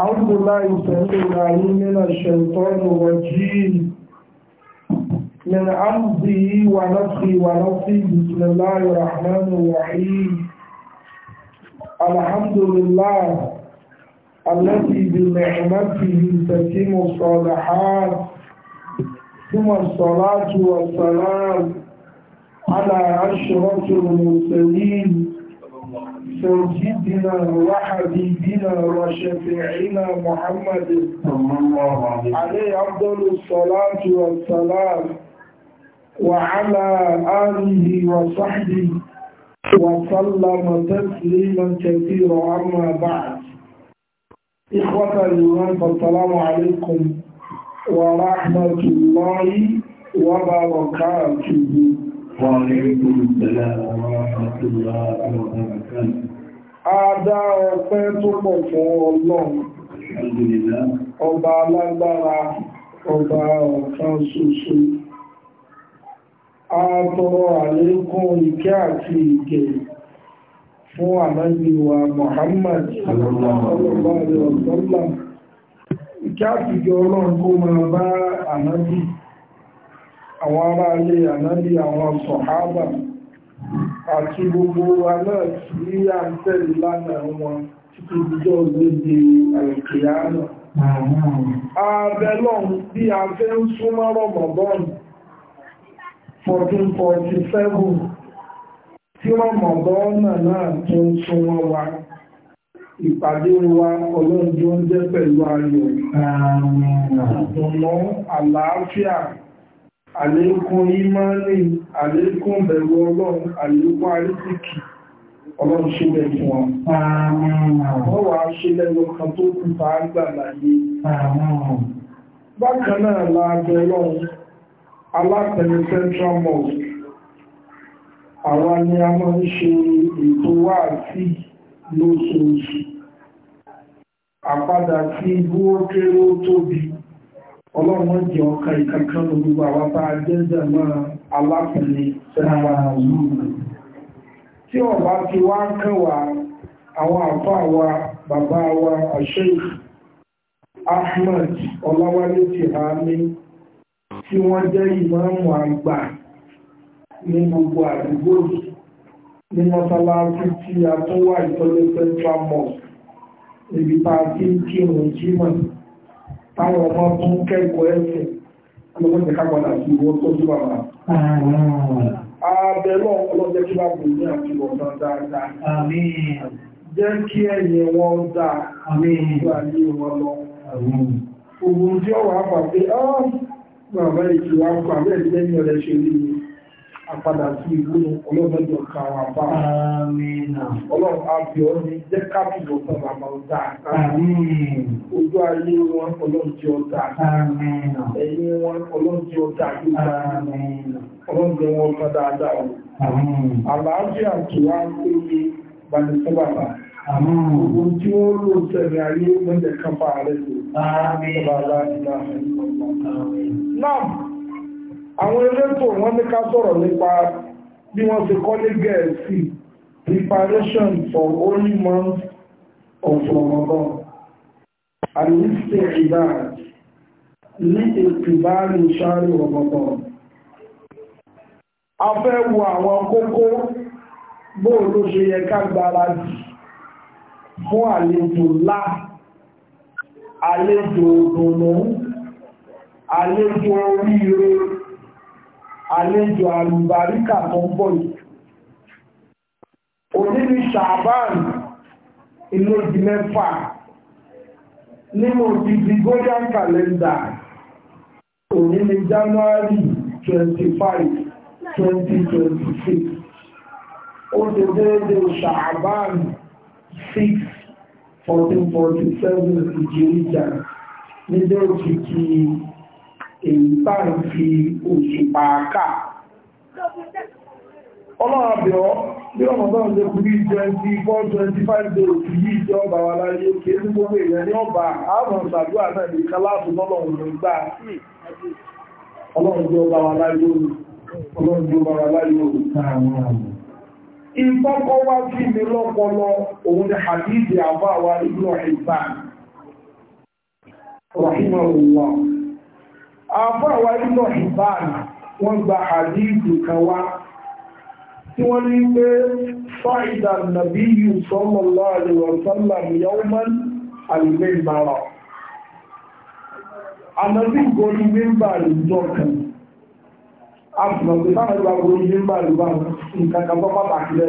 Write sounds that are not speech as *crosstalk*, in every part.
أعوذ بالله السميع العليم من الشيطان الرجيم من عمزه ونفخه ونفخه بسم الله الرحمن الرحيم الحمد لله الذي بنعمته تتم الصالحات ثم الصلاة والسلام على أشرف المرسلين سيدنا وحبيبنا وشفيعنا محمد صلى الله عليه عليه أفضل الصلاة والسلام وعلى آله وصحبه وسلم تسليما كثيرا أما بعد إخوة الإيمان فالسلام عليكم ورحمة الله وبركاته وعليكم السلام ورحمة الله وبركاته Adá ọpẹ́ tó pọ̀ fún Ọlọ́run, ọba alágbára, ọba ṣoṣo. A tọrọ àlékún ìkẹ́ àti ìgẹ̀ fún ànábì wa Muhammad Alọ́lọ́lọ́lọ́lọ́. Ìkẹ́ àti ìgẹ̀ Ọlọ́run kó máa bá ànábì, àwọn ará ilé àti gbogbo wa náà tí a ń tẹ̀lé lánàá wọn títí ìjọ lóde àìkèyà náà. Abẹ́lọ́n bí a fẹ́ ń súnmọ́ Rọ̀mọ̀bọ́n 1447 tí Rọ̀mọ̀bọ́n náà tún súnmọ́ wa. Ìpàdé wa ọlọ́njọ́ jẹ́ pẹ̀lú ayọ̀, ìdùnnú, àlàáfíà, àlékún ìmáni àlékún bẹ̀rù ọlọ́run àlékún àrísìkì ọlọ́run ṣe bẹ̀ fún wọn wọ́n wà ṣe lẹ́nu kan tó kù fa àgbà láyé bákan náà láàbẹ̀ ọlọ́run alátẹni central mosque àwa ni a máa ń ṣe ètò wáàsí lóṣooṣù àpadà tí ibú ó kéré ó tóbi ọlọ́run jẹ ọkà ìkankan gbogbo àwọn bá jẹ́jẹ́ máa aláfẹ́lẹ́ sára yìí tí ọba ti wá ń kẹwà àwọn àfá wa bàbá wa Sheikh Ahmed Ọláwálé Tìhámì tí wọ́n jẹ́ ìmáàmù àgbà ní gbogbo àdúgbò ní mọ́sálásí tí a tún wà ìtọ́lẹ́fẹ́ tramọ̀ níbi tá a ti ń kírun jímọ̀ táwọn ọmọ tún kẹ́kọ̀ọ́ ẹ̀sìn ọlọ́mọdé ká sí ìwọ tó sí bàbá. Abẹ́lọ́ ọlọ́jẹ́ kí bàbá ní àti ọ̀sán dáadáa. Jẹ́ kí ẹ̀yìn wọn dà apadà sí ìlú ọlọ́mọdé ọ̀ka àwọn àbá ọlọ́run àbí ọ ní jẹ́ káàkiri ọ̀tọ̀ làmà ojú ayé wọn ọlọ́run jẹ́ ẹ̀yìn wọn ọlọ́run jẹ́ ọ̀dà wọn ọ̀kan dáadáa o àlàáfíà tó wá péye bani sábàbà gbogbo tí wọ́n lò sẹ̀rẹ̀ ayé mọ́jẹ̀ kápá rẹ̀ lò àwọn elétò wọ́n ní ká sọ̀rọ̀ nípa bí wọ́n ti kọ́lé gẹ̀ẹ́sì preparation for only month of Ramadan and we àlùsí ìdá ní ìpìbáàlì ṣáàrí Ramadan a fẹ́ wo àwọn kókó bóò ló ṣe yẹ ká gbáradì fún àlejò ńlá àlejò òdùnnú àlejò oríire àlejò àlùbáríkà tó ń bọ̀ yìí òní ni ṣàbáàn ìlójì mẹ́fà nínú ìdí golden calendar òní ni January 25, five twenty twenty six ó ti déédéé ṣàbáàn six 1447 forty seven ìjìnlẹ̀ ní èyí bá ń fi oṣù pàákà ọlọ́ọ̀bẹ̀ọ́ bí ọmọ bá ń 2425 ní 24 25 yìí jẹ́ ọba wa láyé ní gbogbo èèyàn ní ọba àwọn lọ́lọ́run gbà ọlọ́run jẹ́ ọba wa láyé ọlọ́run jẹ́ ọba wa láyé ìfọ́kọ́ sí àfáàwà ìlọ ìbáàlì wọ́n gba àdíjù kan wá tí wọ́n ní pé fa'ida nàbí yìí sallallahu alaihi wa sallam yawman al-minbara ànàbí gorí mímbà lùjọ kan àfìmọ̀gbẹ̀sáwà ìgbà gorí mímbà lùbá nǹkan kan tó pàtàkì lẹ́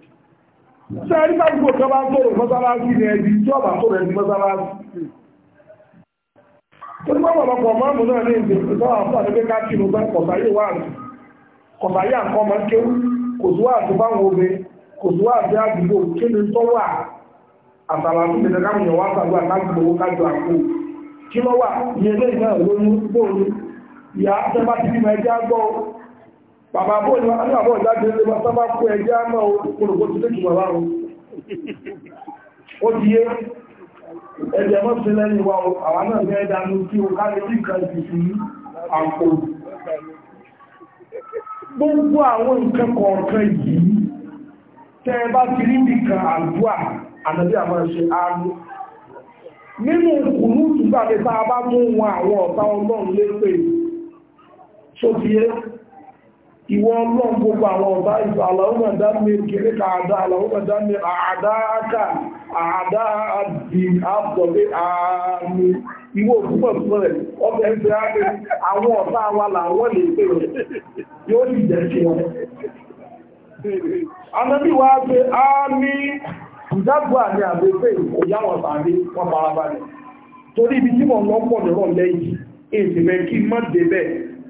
a rí gbogbo kan bá tó rò mọ́sálásí ní ẹbí tí ọ̀bà tó rẹ̀ ní mọ́sálásí tó ní pọ́pọ̀lọpọ̀ mọ́mù náà ní ìdè tó wà fún àdébé káàkiri bá kọ̀sáyé wà ní kọ̀sáyé kéwú kò sí wà báwọn obe kò sí wà àdúgbò kí ni wà bàbá bó ni wọn àbọ̀ ìdájọ́ ilé wọn sábà kó ẹjẹ́ àmọ́ olùkó ti léjù bàbá wọn ó ti yé ẹ̀jẹ̀ mọ́ sí lẹ́yìn wa àwọn náà ní ẹ̀dá ní kí o ká lè rí nǹkan ti fi àpò gbogbo àwọn nǹkan kọ̀ọ̀kan yìí tẹ́ ẹ bá ti rí nìkan àdúà ànàbí àmọ́ ṣe àánú nínú ìkùnú tùgbà ní sáà bá ìwọ ọlọ́run gbogbo àwọn ọ̀tá ìfẹ́ aláwọ̀mọ̀ dámé kéré ka àdá aláwọ̀mọ̀ dámé àdá aka àdá àdì àbọ̀lé àmì ìwọ òkúpọ̀ rẹ̀ ọbẹ̀ ń fẹ́ ápẹ́ àwọn ọ̀tá wa làwọn lè pè rẹ̀ yóò sì jẹ́ sí wọn anábí wa pé àmì ìdágbò àmì àbẹ́fẹ́ òyáwọn tàbí wọn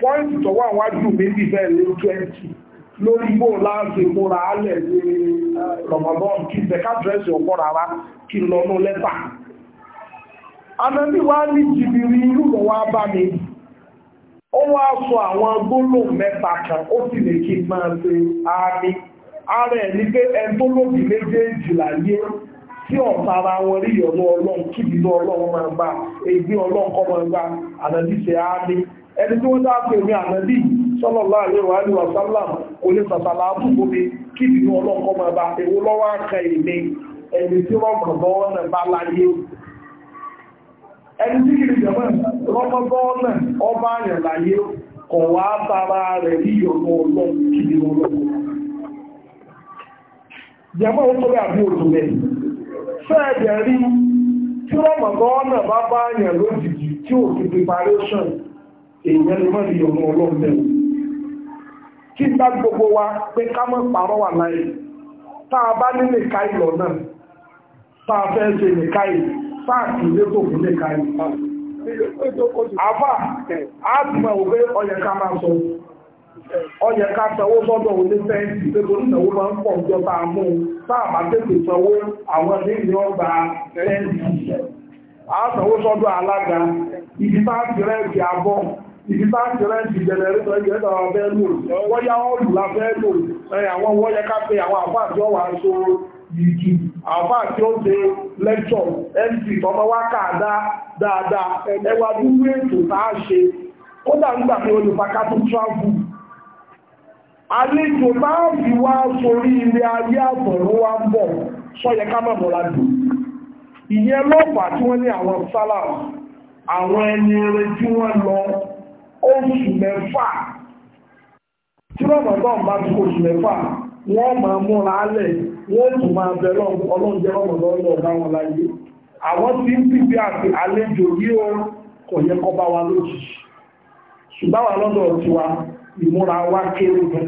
pọ́ìntì tó wà wájú méjì bẹ́ẹ̀ lé 20 lórí bó láti múra alẹ̀ ní Ramadan kí bẹ̀ká dẹ́sì ọ̀pọ̀ rárá kí lọ ní lẹ́tà anábí wá ní jìbìrì irú lọ wá bá mi ó wá sọ àwọn gbólóhùn mẹ́ta kan ó sì lè kí máa ṣe àmì ara ẹ̀ ní pé ẹni tó lòdì méjèèjì láyé tí ọ̀pá ara wọn rí ọ̀nà ọlọ́run kí ìlú ọlọ́run máa gbà ègbé ọlọ́run kọ́ máa gbà ànàbí ṣe á ní ẹni tí wọ́n dáàpẹ̀ ní ànàbí sallallahu alaihi wa sallam kò lè sàtàlà àbúgbò mi kí ìlú ọlọ́run kọ́ máa gbà èwo lọ́wọ́ àkà èmi ẹni tí wọ́n mọ̀ bọ́ ọ̀nà bá láyé ẹni tí kìrì jẹ̀mọ́ rọ́mọ́ bọ́ ọ̀nà ọba àyàn láyé kọ̀ wá tara rẹ̀ rí ọ̀nà ọlọ́run kí ìlú ọlọ́run jẹ̀mọ́ ó tó bẹ́ àbí òtò bẹ́ẹ̀ fẹ́ẹ̀dẹ̀ rí tí wọ́n mọ̀gọ́ ọ̀nà bá bá yàn lójijì tí ò fi preparation èèyàn lè mọ́ ìyọ̀nà ọlọ́mọdé kí n bá gbogbo wa pé ká mọ́ pàrọ̀ wà láyé tá a bá ní nìka ìlọ náà tá a fẹ́ ṣe nìka ìlọ fáàkì ilé tó kù nìka ìlọ àfà á ọyẹ ká sanwó sọ́dọ̀ òní fẹ́ǹsì pépé oníṣẹ́wó máa ń pọ̀ ìjọba mú sáàbà tètè sanwó àwọn nílùú ọgbà fẹ́ǹsì àsanwó sọ́dọ̀ alága ibi bá ti rẹ́ǹsì ọrụ ibi bá ti lò la lò àwọn àwọn ọwà yìí dáadáa ẹwà dúró ètò tá a àlejò máa fi wá sórí ilé ayé àtọ̀rọ̀ wa ń bọ̀ sọ́yẹ ká mọ̀ lọ́la dùn ìyẹn lọ́pàá tí wọ́n ní àwọn sálà àwọn ẹni rẹ̀ tí wọ́n lọ oṣù mẹ́fà tí lọ́pàá náà bá ti oṣù mẹ́fà wọ́n máa múra alẹ̀ wọ́n tún máa bẹ̀rẹ̀ ọlọ́njẹ́ wa lójijì ìmúra wa kéré gan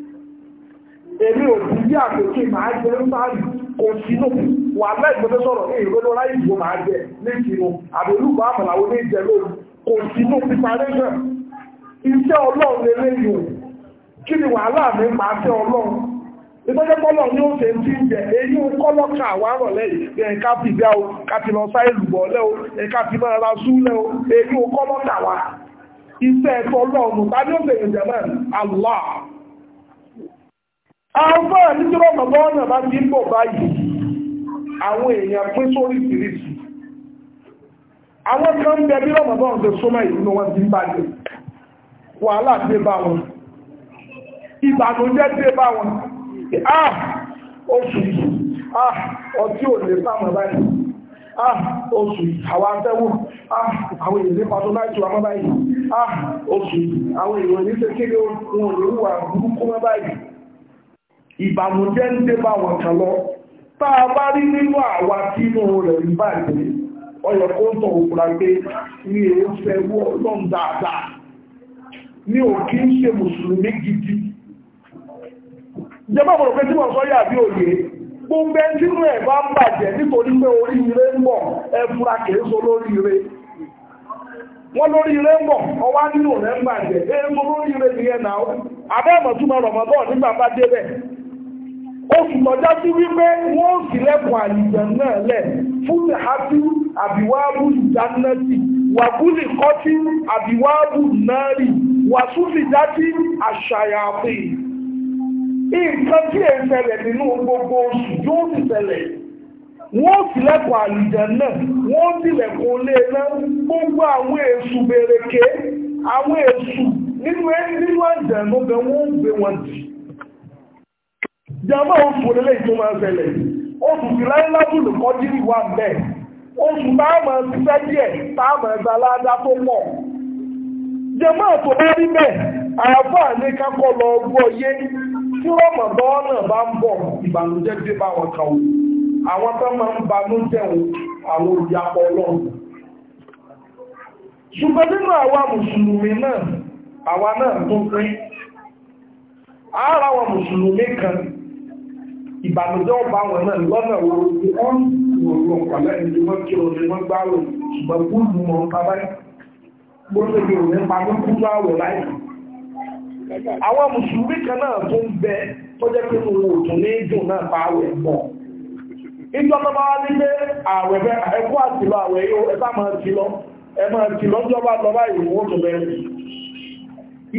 èmi ò bí bí àkókè máa jẹ ń bá rí kò sínú wà lẹ́gbẹ̀ẹ́ sọ̀rọ̀ ní ìwé lọ́la ìbò máa jẹ ní ìsinú àbẹ̀lúgbà àmàlàwò ní ìjẹ lóru kò sínú preparation iṣẹ́ ọlọ́run lè léyìn kí ni wàhálà mi máa tẹ́ ọlọ́run ìgbẹ́jẹ́ pọ́lọ̀ ní oúnjẹ tí ń jẹ èyí ń kọ́ lọ́kà àwárọ̀ lẹ́yìn ẹ̀ka ti bẹ́ o káti lọ sáyé lùbọ̀ lẹ́ o ẹ̀ka ti máa ra sú o èyí ń kọ́ lọ́kà wa iṣẹ́ Allah àwọn àti tí wọ́n bàbá ọ̀nà bá ti ń bọ̀ báyìí àwọn èèyàn pín sórí ìsirísi àwọn kan bẹ bí wọ́n bàbá ọ̀nà súnmọ́ ìlú wọn ti ń bàjẹ́ wàhálà dé bá wọn ìbànújẹ́ dé bá wọn ah oṣù yìí ah ọtí ò lè sáwọn báyìí ah oṣù àwọn atẹ́wò ah àwọn èèyàn lè pàtó láì tù wọn báyìí ah oṣù yìí àwọn èèyàn ní ṣe kéde wọn ò ní wà burúkú wọn ìbànújẹ́ ń dé bá wọn lọ tá a bá rí nínú àwa tí inú rẹ̀ ń ọyọ̀ kó ń pé ní èé fẹ́ wọ́ lọ́n dáadáa ní gidi jẹba mọ̀rọ̀ pé tí wọ́n sọ yàbí òye gbogbo ẹni ẹ̀ bá ń bàjẹ́ nítorí pé so wọ́n lórí ń bọ̀ ọwá nínú rẹ̀ ń bàjẹ́ ẹ nígbà bá débẹ̀ oṣù tọ́já sí wípé wọ́n sì lẹ́kùn àlìjẹ̀ náà lẹ̀ fún àbí àbíwáàbù ìdánilẹ́sì wàbúlì kọ́tí àbíwáàbù náàrí wàsúfì dátí àṣàyàpè nǹkan tí è ń ṣẹlẹ̀ nínú gbogbo oṣù yóò sì ṣẹlẹ̀ wọ́n sì lẹ́kùn àlìjẹ̀ náà wọ́n sì lẹ́kùn lé náà gbogbo àwọn èṣù bèrèké àwọn èṣù nínú ẹ̀jẹ̀ ló bẹ wọ́n gbé wọn jì jàmbá oṣù onílé ìtò máa ń ṣẹlẹ̀ oṣù tí láíláàbù lùkọ́ dírì wà bẹ́ẹ̀ oṣù táà máa ń ṣiṣẹ́ díẹ̀ táà máa ń ṣaláàdá tó pọ̀ jàmbá tó bá rí bẹ́ẹ̀ àáfà ní kákọ́ lọ gbọ́ yé tí rọ́mọ̀dọ́ náà bá ń bọ̀ ìbànújẹ́ dé bá wọn kàwọ́ àwọn tó máa ń banú jẹun àwọn olùyapọ̀ ọlọ́run ṣùgbọ́n nínú àwa mùsùlùmí náà àwa náà tó pín ara wa mùsùlùmí kan ìbànújẹ́ ọba àwọn ẹ̀nà lọ́nà wo ti wọ́n wòrò ọ̀pọ̀lẹ́ ní wọ́n kí o ní wọ́n gbáwò ṣùgbọ́n kúrù mọ́ bàbá gbóṣèlú òní pàmí kúrò àwọ̀ láì àwọn mùsùlùmí kan náà tó ń bẹ tó jẹ́ pé mo wò tún ní dùn náà bá àwẹ̀ pọ̀ ìjọ tó wá ní àwẹ̀ bẹ ẹkú àti lọ àwẹ̀ yóò ẹ sáà máa ti lọ ẹ máa ti lọ jọba lọ báyìí wọ́n tó bẹ̀rẹ̀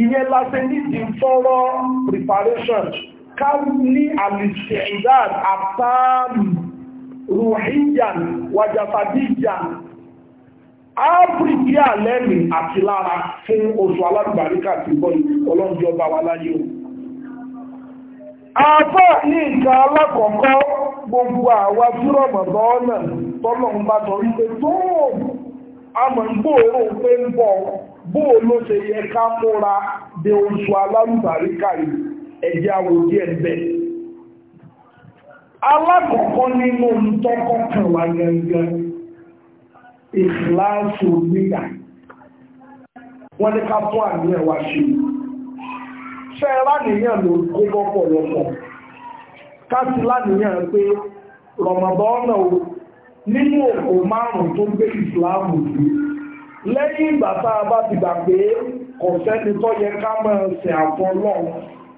ìyẹn la ṣe nídìí fọ́rọ́ preparation ká ní àlìṣẹ̀ ìdáàd àtààmù rùhíyàn wàjàfàdíyàn áfíríkì àlẹ́mì àti lára fún oṣù alágbàríkà ti bọ́ ọlọ́njọ́ bá wa láyé o àfá ní a alákọ̀ọ́kọ́ gbogbo àwa fúrọ̀mọ̀ lọ́ọ̀nà tọ́lọ̀ ń bá tọ́ tó àmọ̀ pé ń bọ̀ bóò ló ṣe ẹ̀yà wo díẹ̀ bẹ́ alákọ̀ọ́kọ́ nínú tọ́kọ́ kan gangan ìkìláàsì wọ́n ní ká tún àníyàn wá ṣe ṣe láníyàn ló kó lọ́pọ̀lọpọ̀ ká pé o nínú márùn tó gbé ìsìláàmù lẹ́yìn ìgbà tá a bá ti gbà pé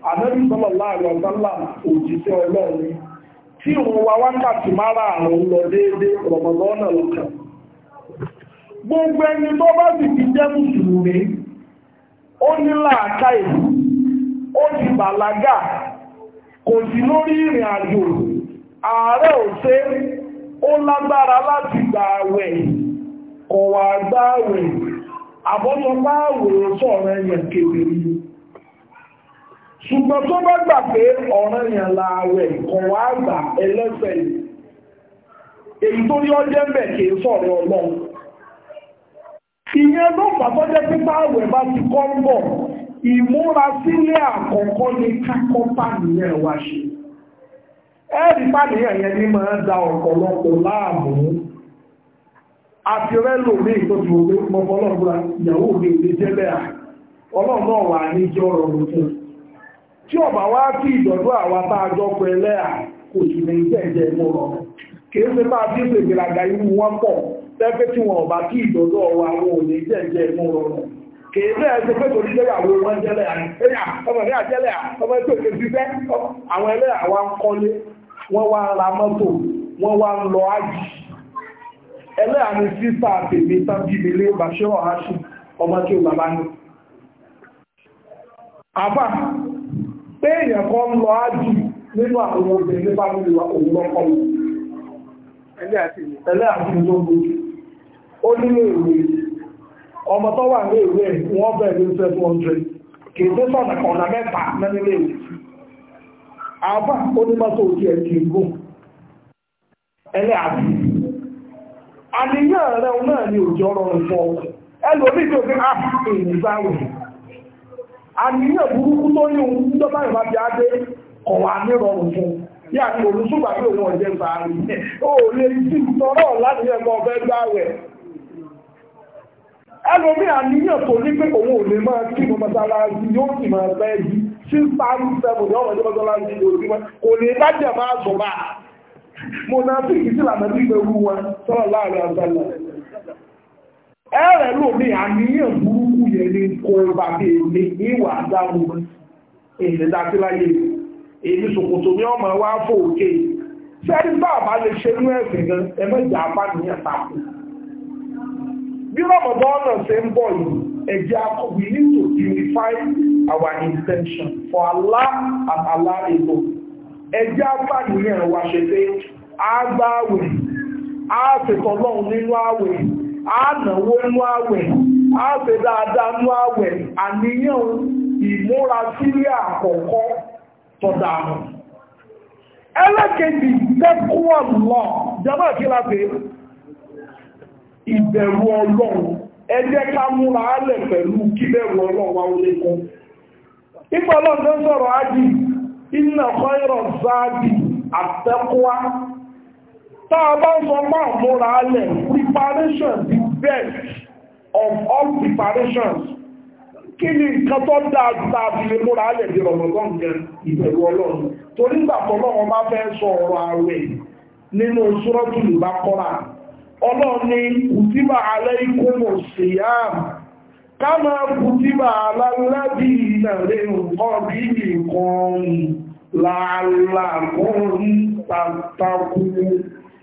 ànábì sọ́lọ̀lá àrọ̀sánlá òjíṣẹ́ ọlọ́run tí òun wa wákàtí mara àrùn lọ déédé rọ̀mọ̀lọ́nà lọ́kàn gbogbo ẹni tó bá sì ti jẹ́ mùsùlùmí ó ní ó ti bàlágà kò sí lórí ìrìn àjò ààrẹ ó lágbára láti gbà àwẹ̀ kọ̀wà gbà àwẹ̀ àbọ́sọpá àwòrán sọ̀rọ̀ ẹ̀yẹ̀ ṣùgbọ́n tó bá gbà pé ọ̀ràn yàn láàwẹ̀ kan wá gbà ẹlẹ́sẹ̀ yìí èyí tó rí ọjẹ́ ń bẹ̀ kìí sọ̀rọ̀ ọlọ́run ìyẹn ló fàtọ́jẹ́ pípa àwẹ̀ bá ti kọ́ ń bọ̀ ìmúra sílé àkọ́kọ́ ni kákọ́pà nìyẹn wá ṣe ẹ̀rí pàdéyàn yẹn ní máa ń da ọ̀pọ̀lọpọ̀ láàmú àti rẹ́ lòmí ìtọ́jú orí ìyàwó mi ìdíjẹ́lẹ̀ à ọlọ́run náà wà ní jẹ́ ọ̀rọ̀ tuntun tí ọ̀bà wá kí ìdọ̀dọ̀ àwa tá a jọ pẹ̀ lẹ́à kò sì ní ìtẹ̀jẹ̀ mọ́ lọ kìí ṣe bá bí ṣe ìgbéraga irú wọn pọ̀ tẹ́fẹ́ tí wọn ọ̀bà kí ìdọ̀dọ̀ wa wọn ò ní ìtẹ̀jẹ̀ mọ́ lọ kìí bẹ́ẹ̀ ṣe pé torí jẹ́yàwó wọn jẹ́lẹ̀ ọmọ ní àjẹ́lẹ̀ ọmọ tó ṣe ṣiṣẹ́ àwọn ẹlẹ́yà wa ń kọ́lé wọ́n wá ń ra mọ́tò wọ́n wá ń lọ ájì ẹlẹ́yà ni sísà tèmi tán bí mi lé bàṣẹ́ pé èèyàn kan lọ ájì nínú àwọn obìnrin nípa lórí òun lọ́kọ́ ẹlẹ́ àti ìlógún ó nílé ìwé ọmọ tó wà ní ìwé wọ́n bẹ̀rẹ̀ ní 700 kìí tó sọ̀nà ọ̀nà mẹ́ta nílé ìwé onímọ́tò ẹ̀kì ìgbò ẹlẹ́ àti àníyàn rẹ̀ náà àníyàn burúkú tó ní ohun tó bá ìbá bí adé kọ̀ wá ní rọrùn fún bí àti olùsùgbà pé òun ọ̀jẹ̀ sàárì ó lè ti tọrọ láti ẹgbẹ́ ọ̀fẹ́ gbá rẹ̀ ẹlòmí àníyàn tó ní pé òun ò lè máa kí mo mọ́sálásí yóò sì máa fẹ́ yìí sí sáàrù sẹ́mù ní ọ̀rọ̀ ìjọba mọ́sálásí lójúmọ́ kò lè lájẹ̀ máa sọ̀rọ̀ mo náà fi ìsìlànà bí ìgbẹ̀rú wọn sọ́rọ̀ láàrin àgbàlẹ̀ ẹ̀rẹ̀ lómi àníyàn burúkú yẹn ní kó bá bí èmi ìwà àdáwò ìrìnlẹ́dátíláyé èmi ṣòkòtò mi ọmọ wa fò òkè sẹ́ni bá lè ṣe inú ẹ̀sìn gan ẹ̀mẹ́jà apánìyàn tàkù bí rọ̀mọ̀bọ́ ọ̀nà ṣe ń bọ̀ yìí ẹ̀jẹ̀ akọ we need to unify our intention for Allah and Allah alone ẹ̀jẹ̀ apánìyàn wa ṣe pé àgbáwẹ̀ àṣetọ̀lọ́run nínú àwẹ̀ àánàwó nú àwẹ̀ àṣẹ dáadáa nú àwẹ̀ àníyàn ìmúra sílẹ̀ àkọ́kọ́ tọ́dà mọ̀ ẹlẹ́kẹ̀ẹ́dì tẹ́kùwọ̀ lọ jẹ́mọ́ kí láti ìbẹ̀rù ọlọ́run ẹ jẹ́ ká múra álẹ̀ pẹ̀lú kíbẹ̀rù ọlọ́run wa ó lékún ìpọ̀lọ́ táà bá ń sọ máa múra alẹ̀ preparation the best of all preparations kí ni nǹkan tó dáa dáa fi lè múra alẹ̀ bí rọ̀mọ̀gán jẹ ìbẹ̀rù ọlọ́run torí ìgbà tọ́lọ́run bá fẹ́ sọ ọ̀rọ̀ ààwẹ̀ nínú sọ́rọ́tù ìbá kọ́ra ọlọ́run ni kùtìbà alẹ́ ikú mọ̀ sí yáàmù kama kùtìbà alálẹ́bí ìnàrẹ̀ nǹkan bí nìkan tàtàkùn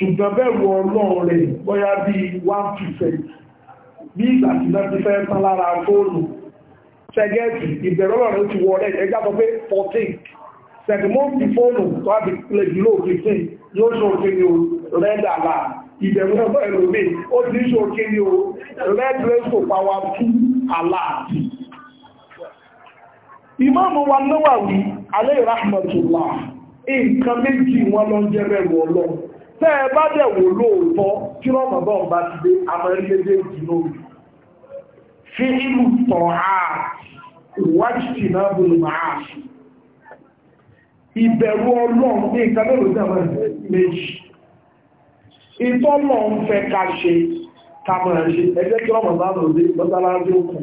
ṣùgbọ́n bẹ̀rù ọlọ́run rẹ̀ bóyá bí 1% bí ìgbà tí náà ti fẹ́ tán lára fóònù ṣẹgẹ́ẹ̀tì ìbẹ̀rọ̀rọ̀ rẹ̀ ti wọ rẹ̀ ẹjá sọ pé 14 sẹ̀gbọ́n fóònù tó àbí lè jùlọ 15 yóò ṣe òkè ní red alarm ìbẹ̀rù ọgbọ́ ẹlòmí ó ti ṣe òkè ní red rainbow power 2 alarm ìmáàmù wa Nawawi alayhi rahmatullah nǹkan méjì wọn lọ jẹ́ bẹ̀rù ọlọ́run tẹ́ ẹ bá dẹ̀ wò lóòótọ́ kí Ramadan bá ti dé amẹ́rílédé ìdìnnà òbí fi ìlú tọ̀ á wájìtì náà bolo máa ìbẹ̀rù ọlọ́run ní nǹkan mẹ́lòó sí àwọn méjì ìtọ́lọ̀ ń fẹ́ ká ṣe kàmọ̀ràn ṣe ẹgbẹ́ kí ọmọ bá lọ sí lọ́sálásí òkun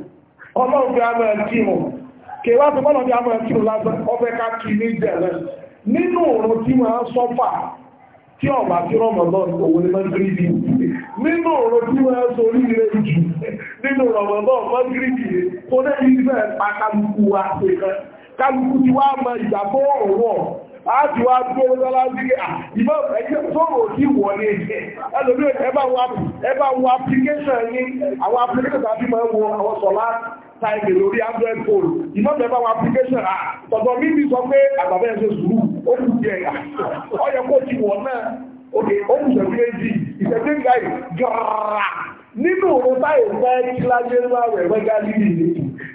ọlọ́run fẹ́ àmọ́ kí wọn kí wá sí bọ́lọ̀ ní àmọ́ kí wọn lásán ọfẹ́ ká kí ní jẹ̀rẹ̀ nínú òòrùn tí wọ́n á sọ́fà tí ọ̀bà tí rọmọdán òun ni mọ́gíríbì nínú ọ̀rọ̀ tí wọ́n ẹ́ sórí ilẹ̀ jù nínú rọmọdán mọ́gíríbì kó lè ní ìfẹ́ pa kálukú wa pẹ̀lú kálukú tí wá mọ ìjàpọ̀ ọ̀wọ̀ láti wá bí owó lọ́lá sí ìbọn ẹ̀jẹ̀ sọ̀rọ̀ sí wọlé ní àwọn táìlì lórí android phone ìmọ̀tẹ̀bá wọn application à tọ̀tọ̀ mímí sọ pé àgbàbẹ́ ẹ̀ṣẹ̀ sùúrù ó kù díẹ̀ ọyẹ kó ti wọ̀ náà òkè ó kù sẹ̀kú méjì ìṣẹ̀kú ń gáì gàrà nínú òun táyì fẹ́ kí lájẹ́ láwẹ̀ ẹ̀fẹ́ gáàlì ìlú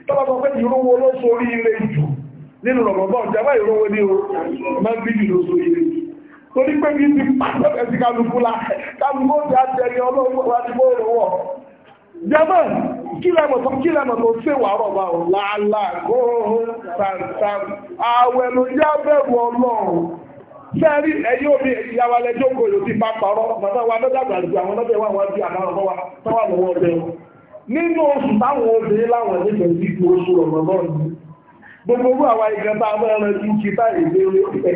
tọ́lá sọ pé ìrówó ló sórí ilé jù nínú rọ̀mọ̀bọ́n jẹ́wọ́ ìrówó ní o máa ń bí jù ló sórí ilé torí pé kí ti pàṣẹ kẹsì kálukú la kálukú ó ti àtẹ̀yẹ ọlọ́run wá ti bó rọwọ́ jẹ́mọ́ kí lẹ́mọ̀ kí lẹ́mọ̀ tó ṣe wà rọ̀bà láàlágó sàǹsàn ààwẹ̀ ló yá bẹ̀rù ọlọ́run sẹ́rí ẹ̀yí omi ìyàwó alẹ́ jókòó yóò ti bá parọ́ bàbá wa lọ́dàgbà àdúgbò àwọn ọlọ́dẹ wà wájú àwọn ọmọ wa tọ́wà lọ́wọ́ ọbẹ̀ wọn nínú oṣù táwọn obìnrin láwọn ẹ̀dẹ́gbẹ̀ sí ipò oṣù rọ̀mọ́bọ́n gbogbo owó àwa ìgbẹ́ta mọ́ ẹran ju kí báyìí lé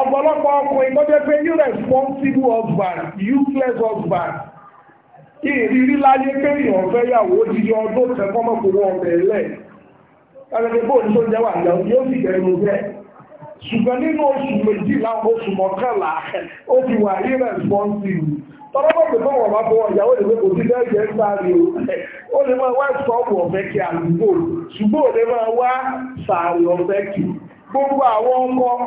ọ̀pọ̀lọpọ̀ ọkùnrin tó jẹ́ pé responsible husband useless husband ìrírí láyé pé èèyàn fẹ́ yàwó odidi ọdún kẹ́kọ́ mọ́kòrò ọ̀bẹ̀ ẹ̀lẹ́ ẹgbẹ́ bóòlù tó jẹ́ wà ní ọdún yóò sì bẹ̀rù rẹ̀ ṣùgbọ́n nínú oṣù méjìlá oṣù mọ́kànlá ó fi wà irresponsible tọ́lọ́pọ̀ pé bọ́wọ̀ bá bọ́wọ̀ ìyàwó lè pé kò sí lẹ́yìn ẹ̀ sáré o ó lè máa wá ìsọ́ọ̀bù ọ̀fẹ́ kí àdúgbò ṣùgbọ́n ó lè máa wá sàárè ọ̀fẹ́ kí gbogbo àwọn ọkọ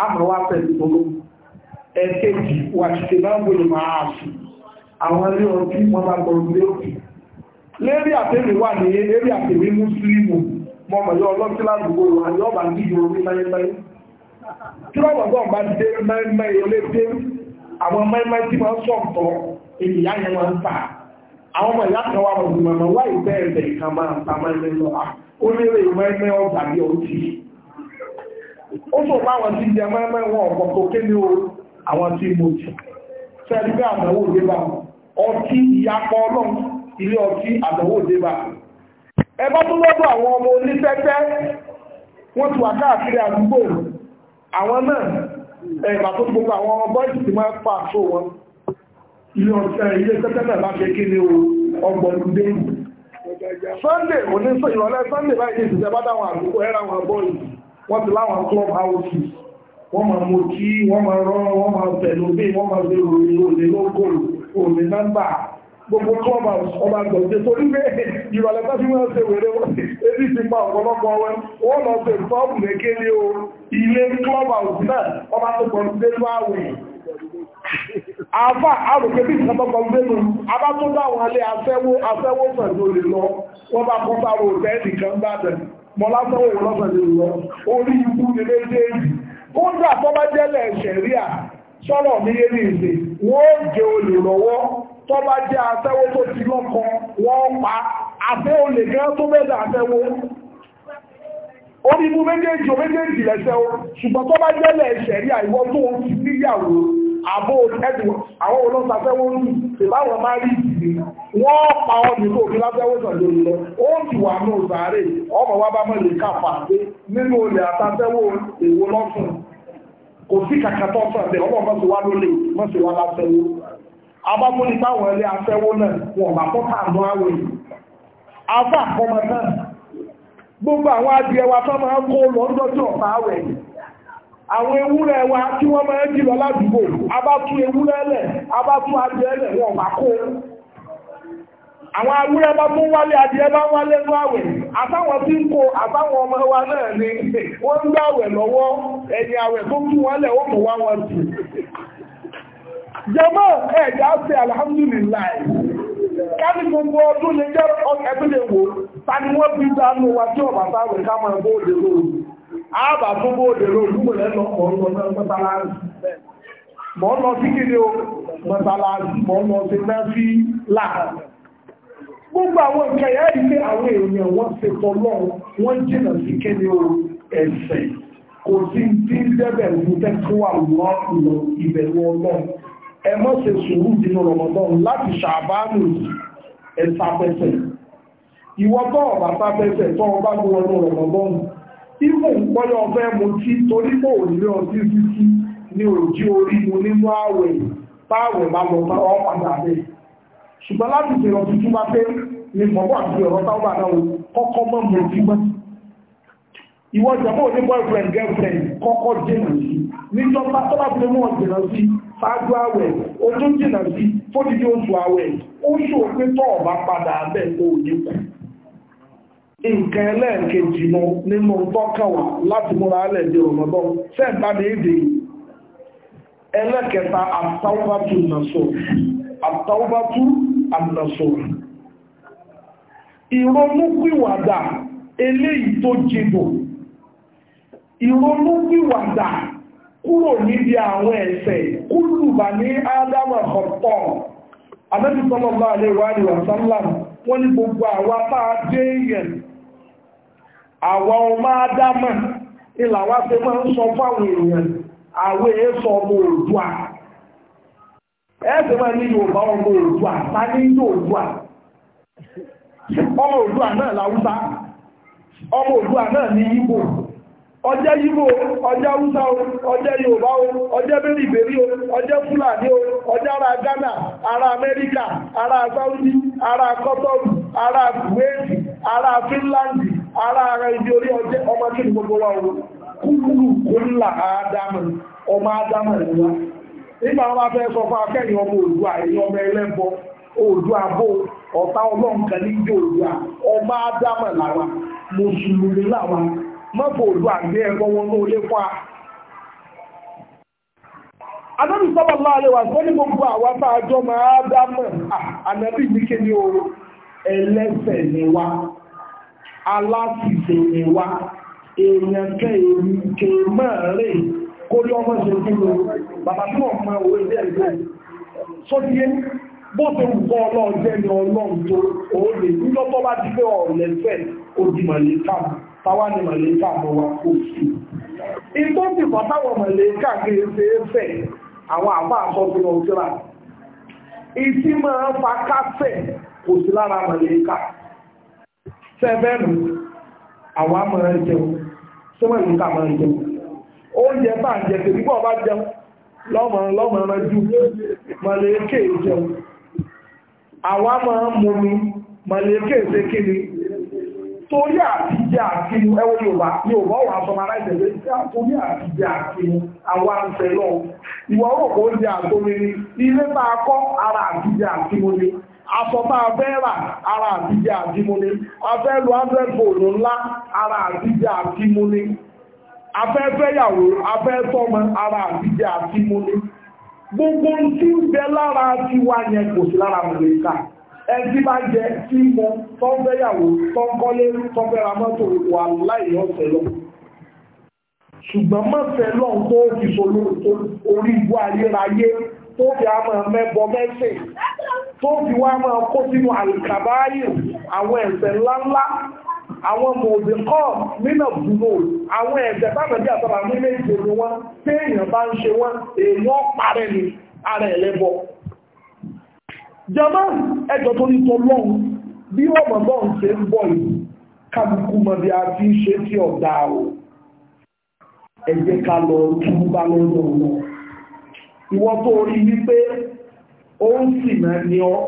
àmọ̀ wá pẹ̀lú gbogbo ẹ̀kẹ́jì wà ṣe bá gbogbo máa ṣù àwọn ilé ọdún wọn bá gbọ́rọ̀ lé òkè lérí àtẹ́lè wà ní eré àtẹ́lè mùsùlùmù mọ́mọ̀lẹ́ ọlọ́tí ládùúgbò wà ní ọba ní ìlú orí mẹ́rẹ́mẹ́rẹ́ tí wọ́n wọ́n bá ń dé mẹ́rẹ́mẹ́rẹ́ olé dé àwọn mẹ́rẹ́mẹ́rẹ́ tí wọ́n sọ̀tọ̀ ènìyàn yẹn wọ́n ń tà àwọn ọmọ ìyá kan wà wọ́n mọ̀ wá ìbẹ́ẹ̀rẹ̀ kan máa ń ta mẹ́rẹ́mẹ́rẹ́ lọ́wọ́ ó lérè mẹ́rẹ́mẹ́rẹ́ ọgbà bí ọtí ó mọ̀ máwọn tí jẹ mẹ́mẹ́ wọn ọ̀pọ̀ tó ké ní àwọn tí mo jù sẹ́ẹ̀dí pé àdánwò débà ọtí ìyapọ̀ ọlọ́run ilé ọtí àdánwò débà ẹ bá tún lọ́dọ̀ àwọn ọmọ onífẹ́fẹ́ wọ́n ti wà káàkiri àdúgbò àwọn náà ẹ̀bà tó gbogbo àwọn ọmọ bọ́ọ̀dì ti máa pa àṣọ wọn ilé tẹ́tẹ́ náà bá ṣe kí ní ọgbọ̀n ìdúdé Sunday oníṣẹ́ ìrọ̀lẹ́ Sunday báyìí ìṣẹ̀bá dáwọn àdúgbò ẹ́ra wọn bọ́ọ̀lù wọ́n ti láwọn club houses wọ́n máa mú kí wọ́n máa rán wọ́n máa tẹ̀lú bí wọ́n máa lè ròyìn òní lókòrò òní nọ́mbà gbogbo club house ọba gbọ̀dé torí pé ìrọ̀lẹ́ tàbí wọ́n ṣe wèrè ebi ti pa ọ̀pọ̀lọpọ̀ wọn wọ́n lọ sí ìfọ́ọ̀bù lékele o ilé club house náà ọba tó pọ̀ sí lẹ́nu àwẹ̀ àfà àrùkẹ́ bí ìsọ́tọ́kọ̀ gbẹ́nu abá tó bá wọn lé afẹ́wó afẹ́wó pẹ̀lú olè lọ wọ́n bá kọ́ mọ́lásánwò lọ́sọ̀lẹ̀ lọ orí ikú ní méjèèjì kódà tó bá jẹ́lẹ̀ ṣẹ̀ríà sọ́rọ̀ ní eré ìdè wọ́n jẹ olè lọ́wọ́ tó bá jẹ́ àtẹ́wó tó ti lọ́kọ wọ́n pa àtẹ́ olè gan tó mẹ́ta àtẹ́wó orí ikú méjèèjì méjèèjì lẹ́sẹ̀ o ṣùgbọ́n tó bá jẹ́lẹ̀ ṣẹ̀ríà ìwọ àbó edward àwọn olóńsàfẹ́wọ́ ń lù ìbáwọn máa rí ìdílé wọ́n pa ọ́ nínú òfin lábẹ́wọ́ sàn lórí lọ ó ti wà ní òsàárè ọmọ wa bá mọ̀ lè ká pàdé nínú olè àtàfẹ́wọ́ èwo lọ́sùn kò sí kàkà tó sàn bẹ́ẹ̀ ọmọ mọ̀sí wa lólè mọ̀sí wa láfẹ́wọ́ abámúni táwọn ilé afẹ́wọ́ náà wọn bá tó tààdọ́ àwẹ̀ afọ àkọmọ náà gbogbo àwọn adìẹ wa tó máa kó lọ́ńdọ́jọ́ ọ̀tá àwẹ̀ yìí àwọn ewúrẹ́ wa tí wọ́n máa ń jí lọ ládùúgbò abátú ewúrẹ́ lẹ̀ abátú adìẹ lẹ̀ bá kó àwọn awúrẹ́ bá wálé bá wálé àwẹ̀ àtàwọn tí ń kó àtàwọn ọmọ wa náà ni wọ́n ń lọ́wọ́ tó tún wálé ó mú wá tí ọ̀bàtà rẹ̀ àbà tó bóòdè ló lúgbẹ̀lẹ́ lọ mọ̀ ń lọ mọ́sálásí mọ̀ ń lọ sí kéde o mọ́sálásí mọ̀ ń lọ sí mẹ́fí láàrín gbogbo àwọn nǹkan yà rí pé àwọn èèyàn wọ́n ṣe tọ́lọ́ wọ́n jìnà sí kéde o ẹ̀sẹ̀ kò sí tí dẹ́bẹ̀ ìfúnfẹ́ tó wà lọ́ọ̀lọ́ ìbẹ̀rù ọlọ́run ẹ mọ́ ṣe sùúrù nínú rọmọdọ́run láti ṣàbánù ẹ̀sàpẹ̀sẹ̀ ìwọ́tọ̀ ọ̀bàtàpẹ̀sẹ̀ tọ́ ọba gbọ́ ọdún rọmọdọ́run Ibù nǹkọ́yọ́ ọ̀fẹ́ mo tí torí pò nílé ọtí títí ní òjí orí mo nínú ààwẹ̀ táàwẹ̀ bá lọ bá padà Ṣùgbọ́n láti bá ní mọ̀gbọ́n àti ọ̀rọ̀ táwọn kọ́kọ́ mọ́ mọ́. Ìwọ ìjọba òní boyfriend girlfriend kọ́kọ́ jìnà sí. tó bá fi jìnà sí jìnà sí fódìdí oṣù nǹkan ẹlẹ́ẹ̀kejì nu nínú tọ́kànwà láti múra alẹ́ di ọ̀nàdán sẹ́ẹ̀bá ní èdè ẹlẹ́kẹta àtàwọ́bátú nàṣọ àtàwọ́bátú ànàṣọ ìrònúpìwàdà eléyìí tó jìbò ìrònúpìwàdà kúrò níbi àwọn ẹ̀ṣẹ̀ kúlùbà ní ádámà ọ̀pọ̀ anábìsọ́lọ́bà alẹ́ ìwádìí wàsánlá wọ́n ní gbogbo àwọn apá dé èèyàn àwọn ọmọ adámọ̀ ìlàwà tí wọ́n ń sọ fáwọn èèyàn àwọn èèsọ ọmọ òdúà ẹ̀ẹ́sì máa ní ọmọ òdúà ta ní Yorùbá ọmọ òdúà náà làwúsá ọmọ náà ní Ìgbò ọjẹ́ Ìgbò ọjẹ́ Hausa ọjẹ́ Yorùbá ọjẹ́ ọjẹ́ Fúlàní ọjẹ́ ara Ghana ara Amẹ́ríkà ara Saudi ara ara ara Finlandi ara ara ibi orí ọjẹ́ ọmọ gbogbo wa wo kúrú kúrúlà ọmọ ádámù ìwá nígbà wọn bá fẹ́ sọ fún ọmọ òdua ẹ̀yìn ọmọ ẹlẹ́bọ òdua bó ọ̀tá ní ìjọ òdua ọmọ ádámù làwa ní gbogbo ní ẹlẹ́sẹ̀ ni aláṣìṣe ni wá èèyàn kẹ́ èmi kè mẹ́rẹ̀ kó lé ọmọ ṣe kí lọ bàbá tí wọ́n máa wọ ilé ẹgbẹ́ sọ́díé bó ṣe ń kọ́ ọlọ́ọ̀jẹ́ ni ọlọ́run tó ó lè níjọ́ tó bá ti pé ọ̀lẹ́fẹ́ ó di màlẹ́kà táwa ni màlẹ́kà mọ́ wa kó sí ìtó sì fọ́táwọ̀ màlẹ́kà kìí ṣe sẹ́fẹ́rù àwọn amọ̀ràn jẹun sọ́mọ̀ ìlú ká máa jẹun oúnjẹ bá ń jẹ tèmi bọ́ bá jẹun lọ́mọ̀ràn lọ́mọ̀ràn ju mọ̀lẹ́kẹ́ jẹun àwọn amọ̀ràn mọ̀lẹ́kẹ́ ṣe torí àtijẹ́ àti ẹwọ́ Yorùbá Yorùbá wà sọmọ aláìsẹ̀lẹ̀ torí àtijẹ́ àti àwọn àǹsẹ̀ lọ ìwọ̀ òkò oúnjẹ àtọ́mi ilé bá kọ́ ara àtijẹ́ afọ́bá abẹ́rà ara àbíjẹ́ àbímúni afẹ́lú abẹ́bòòlù ńlá ara àbíjẹ́ àbímúni afẹ́fẹ́yàwó afẹ́fọ́mọ ara àbíjẹ́ àbímúni gbogbo tí ń bẹ lára ti wá yẹn kò sí lára mọ̀lẹ́ká ẹni bá jẹ tí mo tọ́fẹ́yàwó tọ́kọ́lé tọ́fẹ́ra mọ́tò wà láìyọ́sẹ̀ lọ ṣùgbọ́n mọ́sẹ̀ lọ tó fi so orí ibú ayérayé tó fi àmọ́ mẹ́bọ mẹ́sìn tó fi wá máa kó sínú àlùkàbáyì àwọn ẹ̀ṣẹ̀ ńláńlá àwọn mòbí kọ́ nínà búrò àwọn ẹ̀ṣẹ̀ tábàdí àtàrà nílé ìṣèlú wọn téèyàn bá ń ṣe wọn èèyàn parẹ́ ni ara ẹ̀lẹ́bọ jama ẹjọ́ tó ní tó lọ́n bí ọmọ bọ́ ń ṣe ń bọ̀ yìí kálukú mọ̀ bí a ti ṣe tí ọ̀dà o ẹ̀jẹ̀ ká lọ túbá lọ́dọ̀ wọn ìwọ́n tó rí wípé ó ń sì máa ní ọ́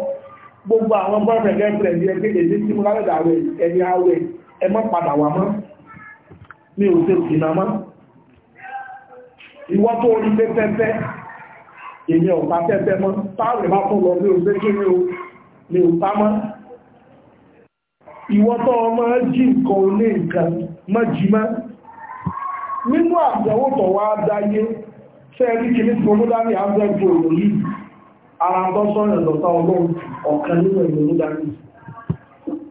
gbogbo àwọn boyfriend girlfriend yẹ pé èdè tí mo lálẹ́dà àwẹ̀ ẹni àwẹ̀ ẹ má padà wà mọ́ mi ò ṣe òsìnà mọ́ ìwọ́ tó orí pé pẹ́pẹ́ èmi ọ̀pá pẹ́pẹ́ mọ́ táwẹ̀ bá fún lọ mi ò ṣe kí mi ò pa mọ́ ìwọ́ tó ọmọ jí nǹkan olé nǹkan mọ́ jí mọ́ nínú àbẹ̀wò tó ara tó sọ́rọ̀ lọ́ta ọlọ́run ọ̀kan nínú ìlú nígbàrí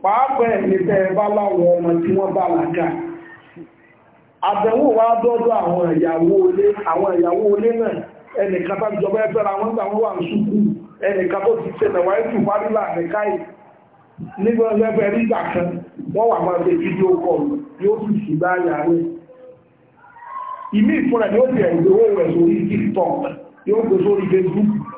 pàápẹ́ ìpẹ́ bá láwọn ọmọ tí wọ́n bá làkà àbẹ̀wò wá dọ́dọ̀ àwọn ìyàwó olé àwọn ìyàwó olé náà ẹnìkan bá jọba ẹgbẹ́ra wọn gbà wọ́n wà ń súkú ẹnìkan tó ti ṣe nàwà ètò fárílà nìkáì nígbà lẹ́fẹ̀ẹ́ nígbà kan wọ́n wà máa ṣe fídíò kọlù yóò sì sì bá yàrá ìmí ìfúnra ni ó ti ẹ̀gbẹ̀wò rẹ̀ sórí TikTok yóò gbé sórí Facebook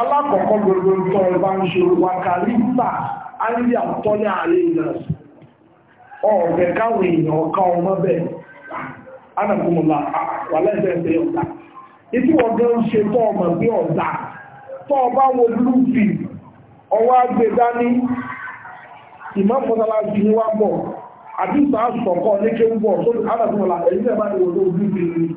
alákọ̀ọ́kọ́ gbogbo ìtọ́ ọba ń ṣe wàkàrígbà ayé àtọ́lẹ̀ ààrẹ ìlàsì ọ̀ọ̀bẹ̀ káwọn èèyàn ọ̀ká ọmọ bẹ́ẹ̀ anàkùnmọ̀lá wà lẹ́sẹ̀ẹ́sẹ̀ ọ̀dá ìtí ọ̀gẹ́ ń ṣe tọ́ ọmọ bí ọ̀dá tọ́ ọba wọn lúfì ọwọ́ agbè dání ìmọ̀mọ́sára ju wá bọ̀ àdìsá sọ̀kọ́ ní kéwú bọ̀ sórí anàkùnmọ̀lá ẹ̀yìn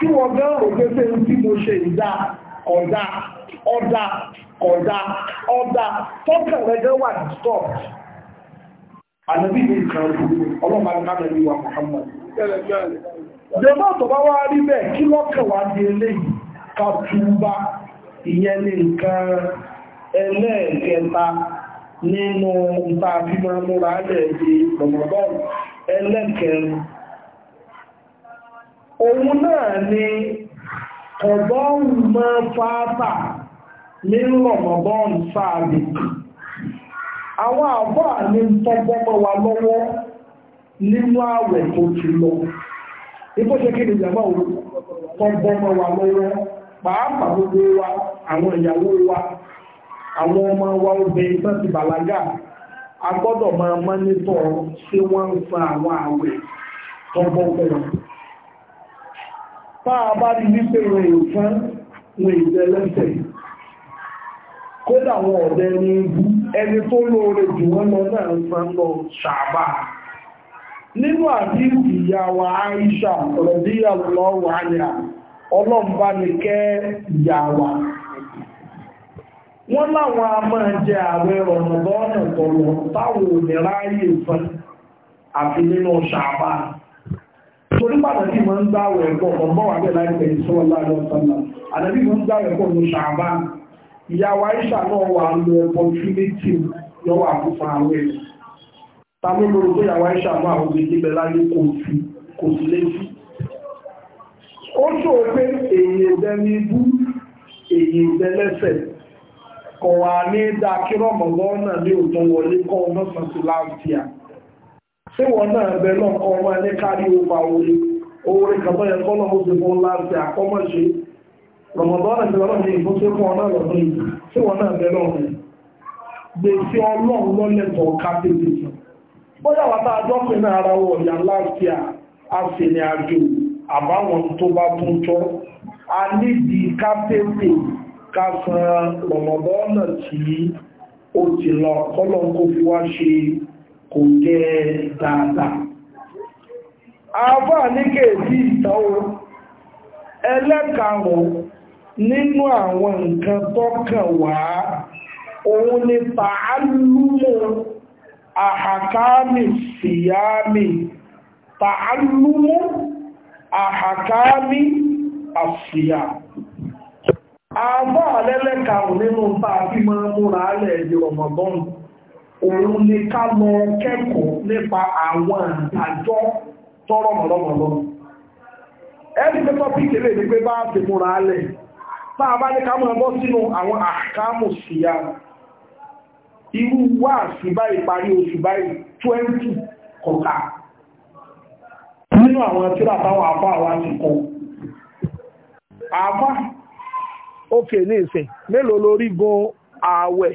tí wọ́n gán rò pé pé tí mo ṣe ìdá ọ̀dá ọ̀dá ọ̀dá ọ̀dá tọ́kàn rẹ̀ gán wà distort àdàbí ní ìkan ọlọ́pàá ní káàmì ìwà Muhammad jọba ọ̀tọ̀ bá wá rí bẹ́ẹ̀ kí lọ́kàn wá di eléyìí ká túbá ìyẹn ní nǹkan ẹlẹ́ẹ̀kẹta nínú ìta àfihàn múra ẹlẹ́ẹ̀dẹ́ ọmọdọ́rùn ẹlẹ́kẹrin òun náà ni ọ̀bọ́n mọ́ fáátà ní rọ̀mọ̀bọ́n sáàbì àwọn àbọ́ àní tọ́gbọ́mọ́ wa lọ́wọ́ nínú àwẹ̀ tó ti lọ ipò kí ni òun tọ́gbọ́mọ́ wa lọ́wọ́ pàápàá gbogbo wa àwọn ìyàwó wa àwọn ọmọ wa obìnrin tán ti bàlágà a gbọ́dọ̀ máa sí wọ́n ń àwọn àwẹ̀ tọ́gbọ́mọ́ wa táa bá rí wípé wọn ìfán wọn ìjẹlẹ́sẹ̀ kódà ọ̀dẹ́ ní ẹni tó lóore jù wọ́n lọ náà lọ ṣàbá nínú àti ìyàwó Aisha rọ̀díyà lọ́wọ́ àyà ní kẹ́ ìyàwó wọ́n láwọn a máa jẹ ààwẹ̀ tọ̀lọ̀ táwọn òmìnira torí pàtó tí mo ń gbá wẹ̀ pọ̀ mọ̀ mọ́ wà bẹ́ẹ̀ láì pẹ̀lú sọ́wọ́ láàrin ọ̀sánlá àdàbí mo ń gbá wẹ̀ pọ̀ mo ṣàbá ìyàwó àìsà náà wà lọ opportunity lọ́wọ́ àkófà àwẹ̀ ta ló lórí pé ìyàwó àìsà náà àwọn òbí níbẹ̀ láyé kò sí kò sí létí ó sọ pé èyí ẹ̀dẹ́ ní ibú èyí ẹ̀dẹ́ lẹ́sẹ̀ kọ̀ wà ní dákírọ̀mọ̀gbọ́n náà ní ọmọ sàn sí láàbíà tí wọ́n náà bẹ lọ́kọ́ ọmọ ẹni kárí ọgbà orí orí kàtọ́ yẹn kọ́ lọ́mọ sí fún láti àkọ́mọ̀ ṣe rọmọdọ́nà ti lọ́nà ní ìfún sí fún ọ̀nà lọ́dún yìí tí wọ́n náà bẹ lọ́nà gbèsè ọlọ́run lọ́lẹ̀tọ̀ kábíyèsí bóyá wà tá a jọ pé náà ara kò gẹ́ dáadáa àbá ní kèèdí ìtawọ́ ẹlẹ́karùn nínú àwọn nǹkan tọ́kàn wá òun ni tààlùmọ̀ àhàkámi síyámi tààlùmọ̀ àhàkámi àṣìyà àbá alẹ́lẹ́karùn-ún nínú tààbí máa múra alẹ́ ìdí ọmọdọ́nù òun ni ká lọ kẹ́kọ̀ọ́ nípa àwọn àdájọ́ tọrọ mọ̀lọ́mọ̀lọ́ ẹni pé tọ́pìkì lè ní pé bá ti múra alẹ̀ máa bá ní ká mọ̀ bọ́ sínú àwọn àkámù síyá irú wà sí báyìí parí oṣù báyìí 20 kọ̀ọ̀ká nínú àwọn tíra táwọn àfá àwọn ti kọ àfá òkè ní ìsìn mélòó lórí gun ààwẹ̀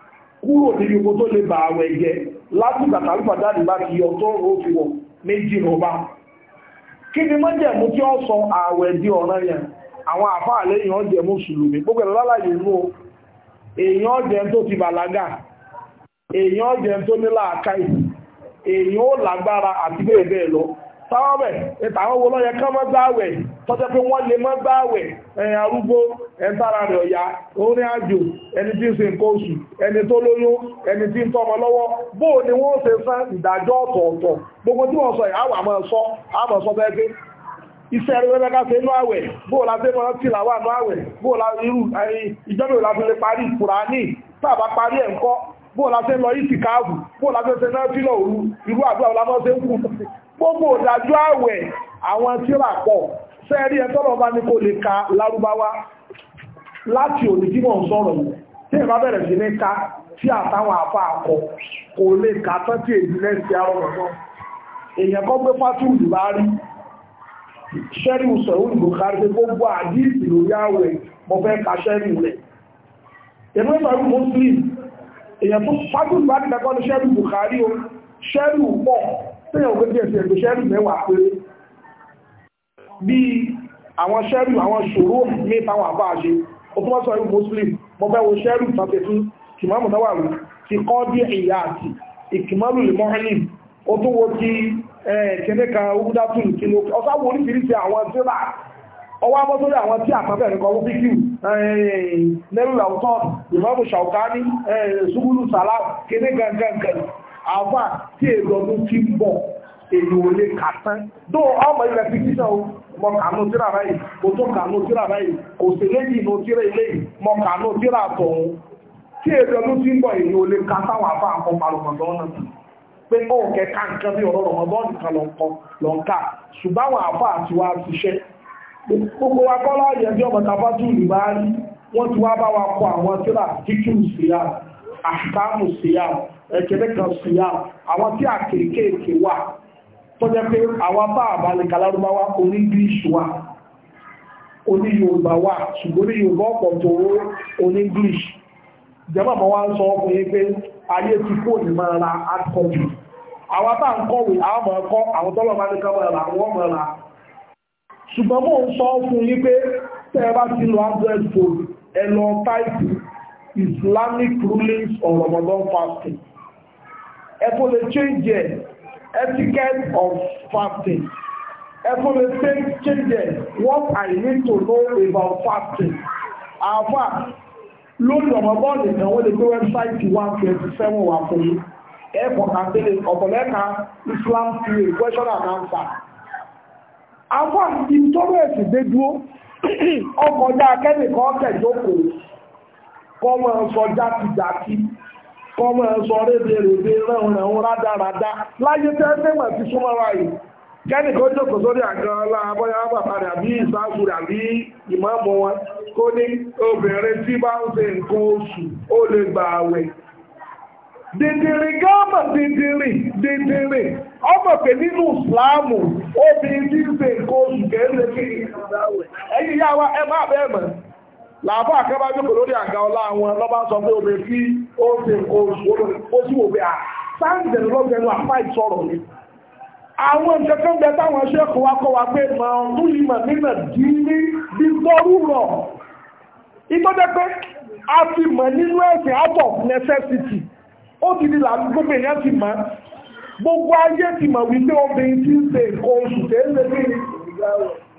kúrò níbi ogun tó lè bà àwẹ̀ jẹ láti gbàtàlùfàjáde bá ti yọ tó ó méjì rọba kí ni mọ́jẹ̀mú tí ó sọ àwẹ̀ di ọ̀ràn yẹn àwọn àfáà lẹ́yìn ọjẹ́ mùsùlùmí gbogbo ti táwọn bẹ̀ ìtàwọn wo lọ́yẹ kán mọ́ gbáwẹ̀ tọ́jẹ́ pé wọ́n lè mọ́ gbáwẹ̀ ẹ̀yìn arúgbó ẹ̀ntara rẹ̀ ọ̀yá orin àjò ẹni tí ń nǹkan oṣù ẹni tó lóyún ẹni tí ń tọ́mọ lọ́wọ́ bó ni wọ́n ṣe san ìdájọ́ ọ̀tọ̀ọ̀tọ̀ gbogbo sọ sọ àmọ́ sọ bẹ́ẹ̀ la tí làwà àwẹ̀ la irú tẹ́ lọ la tẹ́ tẹ́ náà òru irú gbogbo ìdájọ́ àwẹ̀ àwọn tíra pọ̀ sẹ́ẹ̀rí ẹ tọ́lọ̀ bá ní kó lè ka lárúbáwá láti òní tí wọ́n sọ̀rọ̀ tí ẹ bá bẹ̀rẹ̀ sí ní ka tí àtàwọn àfa àkọ kò lè ka tán tí èyí lẹ́sí arọ́rọ̀ náà èèyàn kan gbé fátúùlù bá rí sẹ́rí ìsọ̀rọ̀ ìbùkárí pé gbogbo àdíìsì lórí àwẹ̀ mo fẹ́ ka sẹ́rí rẹ̀ èmi ìsọ̀rọ̀ muslim èèyàn tó fátúùlù bá ti kẹ́kọ́ ní sẹ́rí ìbùkárí o sẹ́rí pọ̀ tẹ́yàn pé díẹ̀ sí ẹgbẹ́ ṣẹ́rì mẹ́wàá péré bí àwọn ṣẹ́rì àwọn ṣòro ní táwọn àbáṣe o tó wọ́n sọ yóò muslim mo fẹ́ wo ṣẹ́rì tàbẹ̀tún kìmọ́mù náwàrù ti kọ́ díẹ̀ ìyá àti ìkìmọ́lù lè mọ́rin o tó wo ti kẹ́nẹ́ka ogúdátùn kìlọ ọ̀sá wo oríṣiríṣi àwọn tíra ọwọ́ abọ́sórí àwọn tí àtàbẹ̀rẹ̀ kan wọ́n fíkì nẹ́rù làwùtọ́ ìmọ̀mù àfà tí èrò ọdún tí ń bọ̀ èyí ò lè kà tán dó ọmọ ilẹ̀ pítíṣà o mọ kànú tíra báyìí kò tó kànú tíra báyìí kò sí léyìí inú tíra ilé yìí mọ kànú tíra tọ̀hún tí èrò ọdún tí ń bọ̀ èyí ò lè kà táwọn àfà àkọ́ palọ̀mọ̀dọ́ náà pé ó kẹka nǹkan bí ọ̀rọ̀ ọmọdọ́ nìkan lọ́nkà ṣùgbọ́n àwọn àfà àti wa ti ṣẹ́ gbogbo wa kọ́lá yẹn bí ọmọ tàbátù lè bá rí wọ́n ti wá bá wa kọ àwọn tíra kíkú síyà àṣìkáàmù síyà ẹ̀kẹ́lẹ́ kan síyá àwọn tí a kèékèèké wà tó jẹ́ pé àwọn bá àbálẹ̀kà lárúbáwá orí english wà oní yorùbá wà ṣùgbọ́n ní yorùbá ọ̀pọ̀ tó oní english jẹ́mọ̀ mọ́ wá ń sọ ọkùnrin pé ayé ti kó ní máa ra akọ̀jù àwọn bá ń kọ̀wé àwọn mọ̀ ọkọ́ àwọn tọ́lọ̀ máa ní ká máa ra àwọn mọ̀ islamic rulings on ramadan fasting ẹ̀fọ́ the changes, etiquette of fasting ẹ̀fọ́ the change changes. what I need to know about fasting àfà lórí ọmọ bọ́ọ̀lù ìnáwó lè gbé wẹ́bsáìtì one twenty seven wà fún yìí ẹ̀fọ́ kàtẹ́lẹ̀ ọ̀pọ̀lẹ́ka Islam theory question and answer àfà ìtọ́rọ̀ ẹ̀sìn dé dúró ọkọ̀ ọjà akẹ́nìkan ọ̀tẹ̀ jókòó kọ́mọ sọ jákèjákè kọmọ ẹ̀sọ́ rédèrèdè rẹ̀hùnrẹ̀hùn rádaràdá láyé tẹ́ẹ̀mẹ̀ ti súnmọ́ ráyè kẹ́nìkan jókòó sórí àgàn aláàbọ̀yá bàbá rẹ̀ àbí ìsáàsù rẹ̀ àbí ìmáàmù wọn kó ní obìnrin tí bá ń ṣe nǹkan oṣù ó lè gbà àwẹ̀ dìdìrì gáàmà dìdìrì dìdìrì ọmọ pé nínú ìsìláàmù obìnrin tí ń ṣe nǹkan oṣù kẹ́ẹ̀ẹ́ làbá àkẹ́bá jókòó lórí àga ọlá wọn lọ́bá sọ pé obìnrin kí ó ṣe ó sì wò pé à ah, sáǹdẹ̀ lọ́gbẹ̀ẹ́nu àpá ìsọ̀rọ̀ ni àwọn ìjọkọ́ bẹ táwọn ṣẹ́kù wa kọ́ wa pé ma ọdún ìmọ̀ nínà dí ní bí tọ́rù rọ̀ ìtọ́jẹ́ pé a ti mọ̀ nínú ẹ̀sìn out of necessity ó ti di làbí gbogbo èèyàn ti mọ̀ gbogbo ayé ti mọ̀ wípé obìnrin ti ń ṣe nǹkan oṣù tẹ́lẹ̀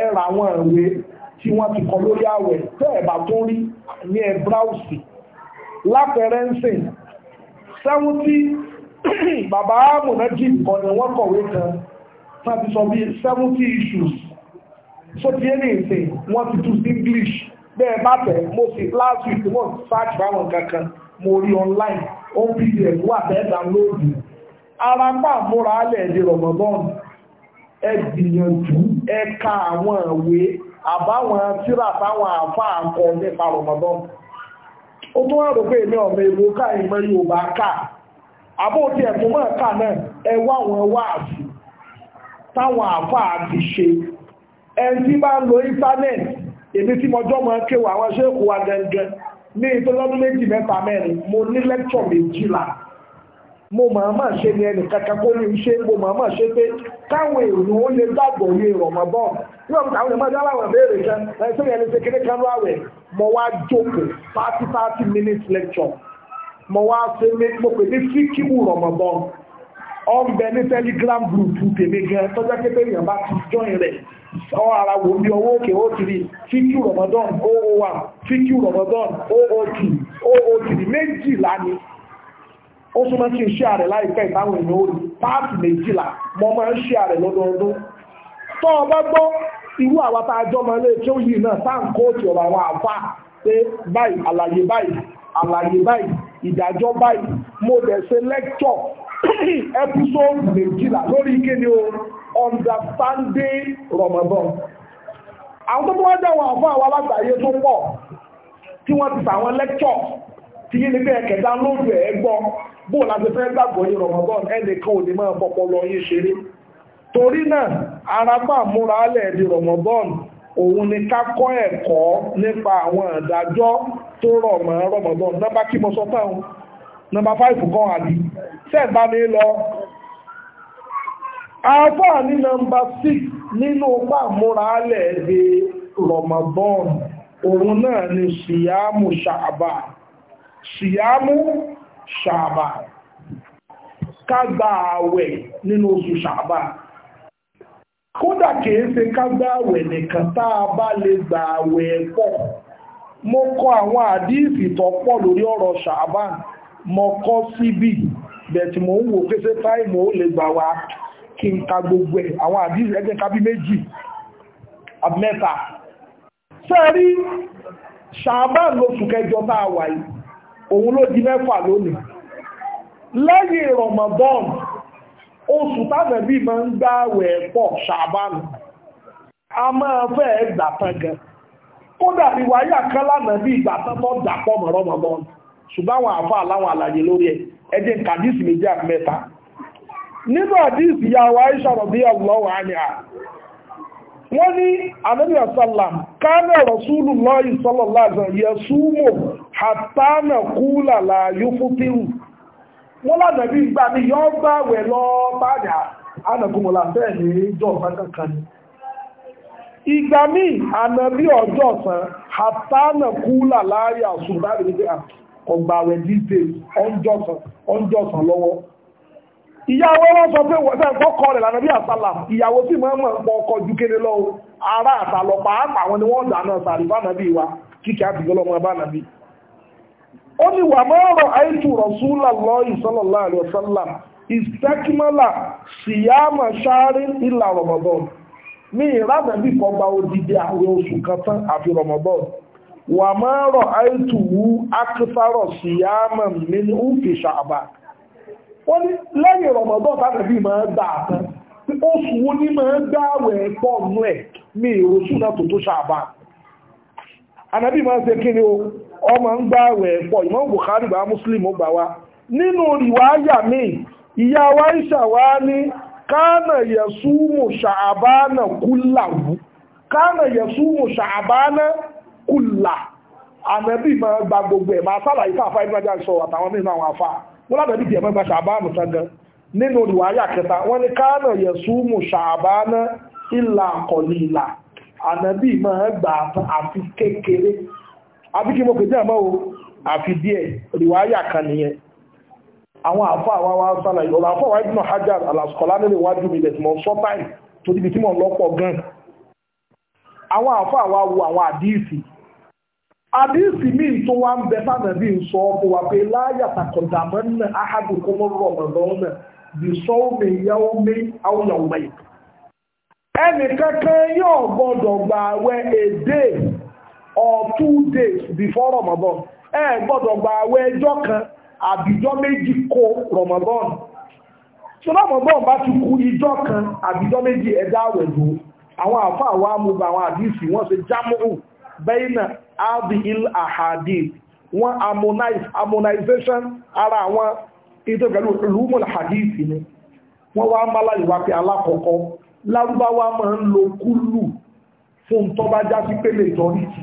ẹ̀rọ àwọn ìwé tí wọ́n ti kọ lórí àwẹ̀ tẹ́ ẹ̀bà tó rí ní ẹ bráùsì lápẹẹrẹ *clears throat* bàbá mọ̀nájì kan ni wọ́n kọ̀wé kan tán ti sọ bí sẹ́wọ́ntì issues so ti ẹni ìsìn wọ́n ti tú English bẹ́ẹ̀ bá tẹ̀ mo sì last week mo search báwọn kankan mo rí online ó ń pdf wà tẹ́ download ara pa àmúra alẹ́ èdè rọ̀mọ́bọ́ọ̀nù ẹ gbìyànjú ẹ ka àwọn ìwé àbáwọn tíra táwọn àfáà kọ nípa Ramadan ó tún wá rò pé èmi ọmọ èbó ká ìmọ̀ Yorùbá ká àbó tí ẹ̀tún mọ́ ká náà ẹ wá wọn wáàsí táwọn àfáà ti ṣe ẹni tí bá ń lo íńtánẹ́ẹ̀tì èmi tí mo jọ́ mọ́ kéwà àwọn ṣéèkù wa gẹ́gẹ́ ní ìtọ́lọ́dún méjì mẹ́ta mẹ́rin mo ní lẹ́kṣọ̀ méjìlá mo máa máa ṣe ni ẹnì kankan kó ní iṣẹ́ mo máa máa ṣe pé káwọn èèyàn ó lè gbàgbọ́ ní ìrọ̀mọ́ bọ́ nígbà tí àwọn èèyàn dáláwọ̀ béèrè kan láì sẹ́yìn ẹni ṣe kékeré kan láwẹ̀ mo wá jókòó thirty thirty minutes lecture mo wá ṣe mo pè ní fíkìwù rọ̀mọ́ bọ́ ọ ń bẹ ní telegram group tèmi gan tọ́jà pépé èèyàn bá ti join rẹ̀ ọ ara wò bí ọwọ́ òkè ó ti rí fíkìwù rọ̀mọ́dọ́n 001 fíkìwù rọ̀mọ́dọ́n 002 three. méjìlá ni ó súnmọ́ kí n ṣe ààrẹ láìpẹ́ ìtàwọn èèyàn orí páàkì méjìlá mọ́ máa ń ṣe ààrẹ lọ́dọọdún tó o bá gbọ́ irú àwọn tá a jọ mọ ilé tí ó yìí náà sáà ń kóòtù ọ̀rọ̀ àwọn àfà pé báyìí àlàyé báyìí àlàyé báyìí ìdájọ́ báyìí mo dẹ̀ ṣe lecture *coughs* episode méjìlá lórí kíni o understanding Ramadan àwọn tó tó wá jẹ́ àwọn àfà àwọn alágbàáyé tó pọ̀ tí wọ́n ti sàwọn lecture tí yé ni pé ẹ̀kẹ́ta lóòrùn ẹ̀ gbọ́ bó láti fẹ́ gbàgbọ́ ní Ramadan ẹnìkan ò ní máa fọpọlọ yín ṣeré torí náà arábà múra lẹ̀ di Ramadan òun ni ká kọ́ ẹ̀kọ́ nípa àwọn ìdájọ́ tó rọ̀ mọ́ Ramadan nọ́mbà kí mo sọ táwọn nọ́mbà fáìfù kan àbí sẹ́ẹ̀bá mi lọ àfáà ní nọ́mbà 6 nínú pa múra di Ramadan òun náà ni ṣìyàmù ṣàbà ṣìyàmù ṣàbà ká àwẹ̀ nínú oṣù ṣàbà kódà kìí ṣe ká àwẹ̀ nìkan tá a bá lè gba àwẹ̀ pọ̀ mo kọ àwọn àdíìsì tó pọ̀ lórí ọ̀rọ̀ ṣàbà mo kọ síbí bẹ̀tì mo ń wò pé ṣé táìmù ó lè gbà ka gbogbo ẹ̀ àwọn àdíìsì òun ló di mẹ́fà lónìí lẹ́yìn Ramadan oṣù tánàbí máa ń gbá pọ̀ a máa fẹ́ gbà tán gan kódà bí wáyà kan lánàá bí ìgbà tán dàpọ̀ mọ́ Ramadan ṣùgbọ́n àwọn àfa àláwọn àlàyé lórí ẹ̀ ẹ mẹ́ta nínú ya wa Aisha wọ́n ní Rasulullah sallallahu alaihi hàtánà kúlà láàyò fútíwù wọ́n lánàbí gbà ní yọ́ bá wẹ̀ ní ìjọ kankan ìgbà míì ànàbí ọjọ́ ọ̀sán hàtánà kúlà láàyà ṣùgbọ́n ọgbàwẹ̀ díje ọjọ́sàn lọ́wọ́ ìyàwó wọn sọ pé àsálà ìyàwó sì máa ń ọkọ ju kéde ara ni dáná nàbí wa nàbí ó ní wà mọ́rọ̀ àìtù rọ̀súlà lọ́yìn sọ́lọ̀lá àlẹ́sọ́lá ìsẹ́kímọ́là síyáàmà ṣáárí ìlà rọ̀mọ̀dọ́n ní ìrádàbí kan gba odidi àwọn oṣù kan àfi rọ̀mọ̀dọ́n wà mọ́rọ̀ àìtù wú akífàrọ̀ síyáàmà mẹ́ni ó fi ṣàbà wọ́n ní lẹ́yìn rọ̀mọ̀dọ́n tàbí máa gbà tán oṣù wo ní máa gbà wẹ̀ pọ̀ nú ẹ̀ ní ìrọ̀sùn náà tó tó ṣàbà ànàbí ọmọ ń gbá àwẹ̀ pọ̀ ìmọ̀ Bukhari bá Muslim gbà wá nínú ìyá wa wá ní ṣàbánà ṣàbánà kúlà ma gba gbogbo ẹ̀ máa àtàwọn nínú àwọn afá wọ́n lábẹ́ tangan nínú kẹta wọ́n ní kánà yasumu ṣàbánà ìlà kọ̀lìlà ànẹ́bí ma gbà àti kékeré àbí kí mo pè àmọ́ o àfi díẹ̀ rìwáyà kan nìyẹn àwọn àfọ àwa wa sálàyé ọ̀rọ̀ àfọ àwa ibùnà hajar alaskọ̀lá nílé iwájú mi lẹ̀sìn mọ́ sọ́tàì tó ti bí tí mò ń lọ́pọ̀ gan àwọn àfọ àwa wo àwọn àdíìsì àdíìsì míì tó wá ń bẹ sáànà bí n sọ ọ́ wà pé láyà tàkọ̀dàmọ́ náà áhàdù kó mọ́ bí sọ́ọ̀mì yàwó mi àwòyàwó mẹ́yì ẹnì or two days before Ramadan ẹ gbọ́dọ̀ gba àwẹ̀ ẹjọ́ kan àbíjọ́ méjì kó Ramadan so Ramadan bá ti kú ijọ́ kan àbíjọ́ méjì ẹ̀dá àwẹ̀ dùn àwọn àfáà wa mú bá àwọn àdìsí wọ́n ṣe jámùrù bẹ́ẹ̀nà abdul ahadith wọ́n harmonize harmonization ara àwọn ètò pẹ̀lú rumul hadith ni wọ́n wá ń bá láyé wá pé alákọ̀ọ́kọ́ lárúbáwá máa ń lo kúlù fún tọ́bájá sí pélé ìtọ́rìtì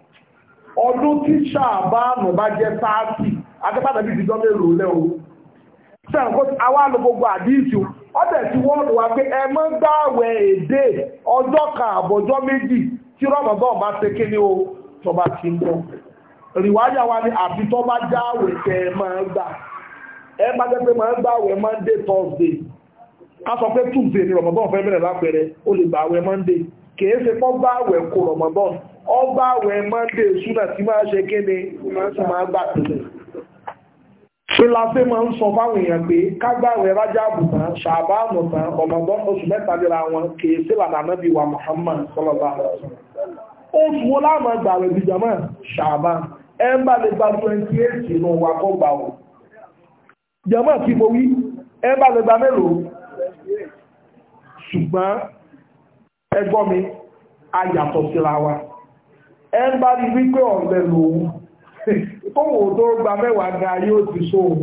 ọdún tí ṣàbánù bá jẹ sáàtì adébádà bíi ìjọ mélòó o sẹ́yìn kó àwa gbogbo àdíìsì o tí wa pé ẹ mọ́ gbààwẹ̀ èdè ọjọ́ kan àbọ̀jọ́ méjì tí rọ́mọ̀dọ́ bá ṣe kí o tọba ti ń bọ̀ rìwáyà wa ni àfi tó bá kẹ ẹ máa gbà ẹ bá ni fẹ́ bẹ̀rẹ̀ o lè Monday kì í ṣe ọba àwẹ̀ mọ́ndé ṣúnà tí máa ṣe kéde tí máa gbà tẹ̀lẹ̀ ṣe la fẹ́ máa ń sọ fáwọn èèyàn pé kágbàwẹ̀ rájá àbùtàn ṣàbá àmọ̀tàn ọmọdún oṣù mẹ́ta lera wọn kìí sí lànà nábì wa Muhammad sọlọ́bà oṣù wo láàmú gbàwẹ̀ bìjàmọ́ ṣàbá ẹ ń bá lè gba twenty eight nù wà kó gbà wọ̀ jẹ́mọ́ tí mo ṣùgbọ́n ẹ mi a yàtọ̀ wa ẹ ń bá rí wípé ọ̀lẹ́ lòun tóun ò tó gba mẹ́wàá ga yóò ti sóhun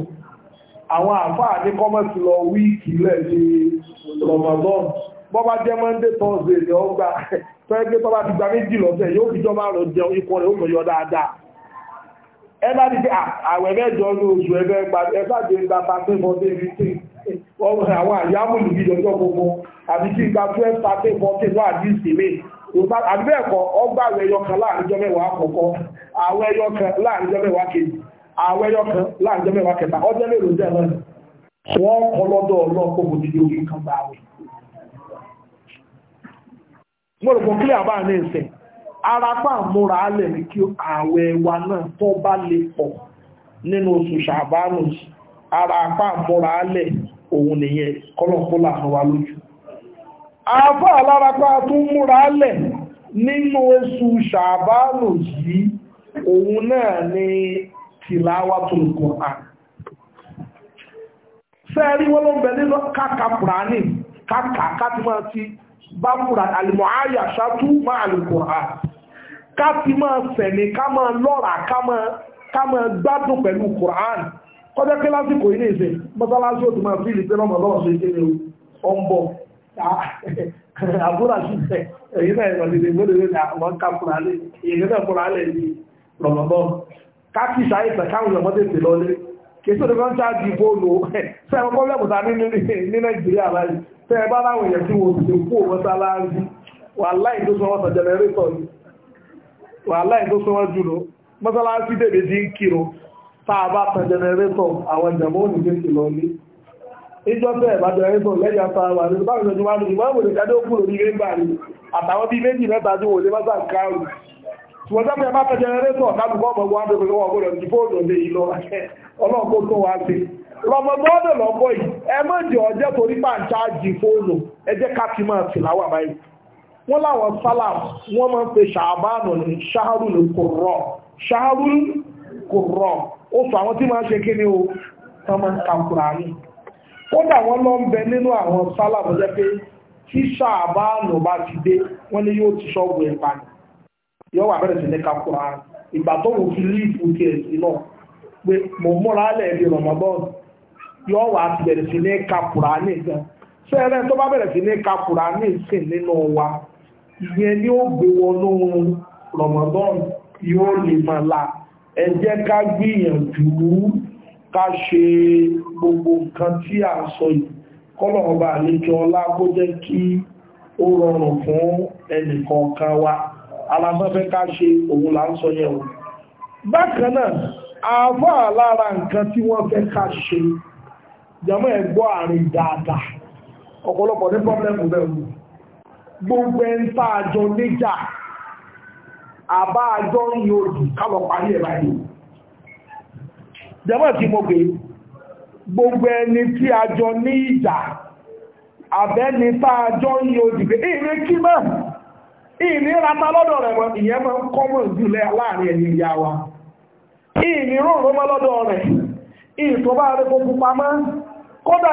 àwọn àfáà ní kọ́mọ̀tì lọ wíìkì lẹ̀ ṣe rọmọdọ́n bọ́ bá jẹ́ monday thursday ni ó gbà tọ́ẹ́gbẹ́ tọ́ bá ti gba méjì lọ́sẹ̀ yóò fi jọ máa lọ jẹun ikọ̀ rẹ̀ ó mọ̀ yọ dáadáa ẹ bá ti pé ah, àwẹ̀ mẹ́jọ ní oṣù ẹgbẹ́ gba ẹgbàjẹ gba pàṣẹ fọ́tẹ́ fifteen àwọn àyámùlù bí ìjọjọ́ gbogbo àbí kí n gba twelve thirteen fourteen wà ní ìsinmi àbẹ́ẹ̀kọ́ ọgbà àwẹ̀ ẹyọkan láàrin mẹ́wàá àkọ́kọ́ àwẹ̀ ẹyọkan láàrin mẹ́wàá kejì àwẹ̀ ẹyọkan mẹ́wàá kẹta ọjọ́ mẹ́rin ọjọ́ mẹ́rin wọ́n kọ́ lọ́dọ̀ ọlọ́pọ̀ òdìdí ara àfá alárapá tún múra lẹ̀ nínú oṣù ṣàbánù yìí òun náà ni tìláwàtul Kùránì sẹ́ẹ̀rí wọ́n ló ń bẹ nínú káka Kùránì káka káti máa ti bá múra àlùmọ̀ àyà ṣáàtú máa lè Kùránì káti máa sẹ̀mí ká máa lọ́ra ká máa gbádùn pẹ̀lú Kùránì kọjá pé lásìkò yìí ní ìsìn ò Ah, *laughs* àbúrò àṣìṣẹ́ èyí náà ìrọ̀lẹ̀ mẹ́rin àwọn kápùrà lè èyí náà kúrà lè ní rọ̀mọ̀bọ́n káàkì ìṣàìsàn káwọn ọmọdé ti lọ lé kèsí òdìbò ń ṣáàjì bóòlù sẹ́wọ̀n pọ́lẹ́mùta ní nàìjíríà láyé tẹ́ẹ̀ bá láwọn èèyàn tí wọ́n ti kú òwọ́n sáláàrí wà láì tó sọ́wọ́ sọ jẹnẹrétọ̀ ni wà láì tó sọ́wọ́ jùlọ mọ́sálásí dèbè dín kírò tá a bá sọ jẹnẹrétọ̀ àwọn jẹmọ́ òní ìjọsẹ̀ ìbájọ́ ẹgbọ́n lẹ́yà fara ní báwọn ìjọjú wá ní ìwọ̀n lè jádé òkú lórí ẹgbà ní àtàwọn bí méjì mẹ́ta tí wò bá sáà wọ́n láwọn sálà wọ́n máa ń pe ṣàbánù ní ṣáàrù lè kòrọ̀ ṣáàrù kòrọ̀ ó sọ àwọn tí máa ń ṣe kí ni o tán máa ń ka ní kódà wọ́n lọ ń bẹ nínú àwọn sálà tó jẹ́ pé tí ṣàbáànù bá ti dé wọ́n ní yóò ti ṣọ́ọ̀bù ẹ̀ pa ni yóò wà bẹ̀rẹ̀ sí ní kakura ìgbà tó wù fi líìpù ti ẹ̀sìn náà pé mò múra lẹ̀ di rọmọbọ́ọ̀n yóò wà ti bẹ̀rẹ̀ sí ní kakura ní ìgbà sẹ́rẹ̀ tó bá bẹ̀rẹ̀ sí ní kakura ní nínú wa ìyẹn ni ó gbé wọnú rọmọbọ́ọ̀n yóò lè máa la ẹ jẹ́ ká gbìyànjú ká ṣe gbogbo nǹkan tí a sọ yìí kọ́lọ̀ọ̀bà àlejò ọlá kó jẹ́ kí ó rọrùn fún ẹnìkọ̀ọ̀kan wa aláfẹ́fẹ́ ká ṣe òun là ń sọ yẹn o bákan náà àfọ́ àlára nǹkan tí wọ́n fẹ́ ká ṣe jàmọ́ ẹ̀gbọ́ àárín dáadáa ọ̀pọ̀lọpọ̀ ní pọ́blẹ́mù bẹ̀rù gbogbo ẹ̀ ń tá àjọ níjà àbá àjọ ń yòòdì kálọ̀ parí ẹ̀ báyìí jẹ́mọ̀ mo gbogbo ẹni tí a jọ ní ìjà àbẹ́ni tá a jọ ń yọ òdìgbé kí mọ́ ìní rata lọ́dọ̀ rẹ̀ mọ́ ìyẹn máa kọ́mọ̀ jùlẹ̀ láàrin ẹni ìyá wa ìní rọrùn mọ́ lọ́dọ̀ rẹ̀ ìtọ́bá rẹ̀ kódà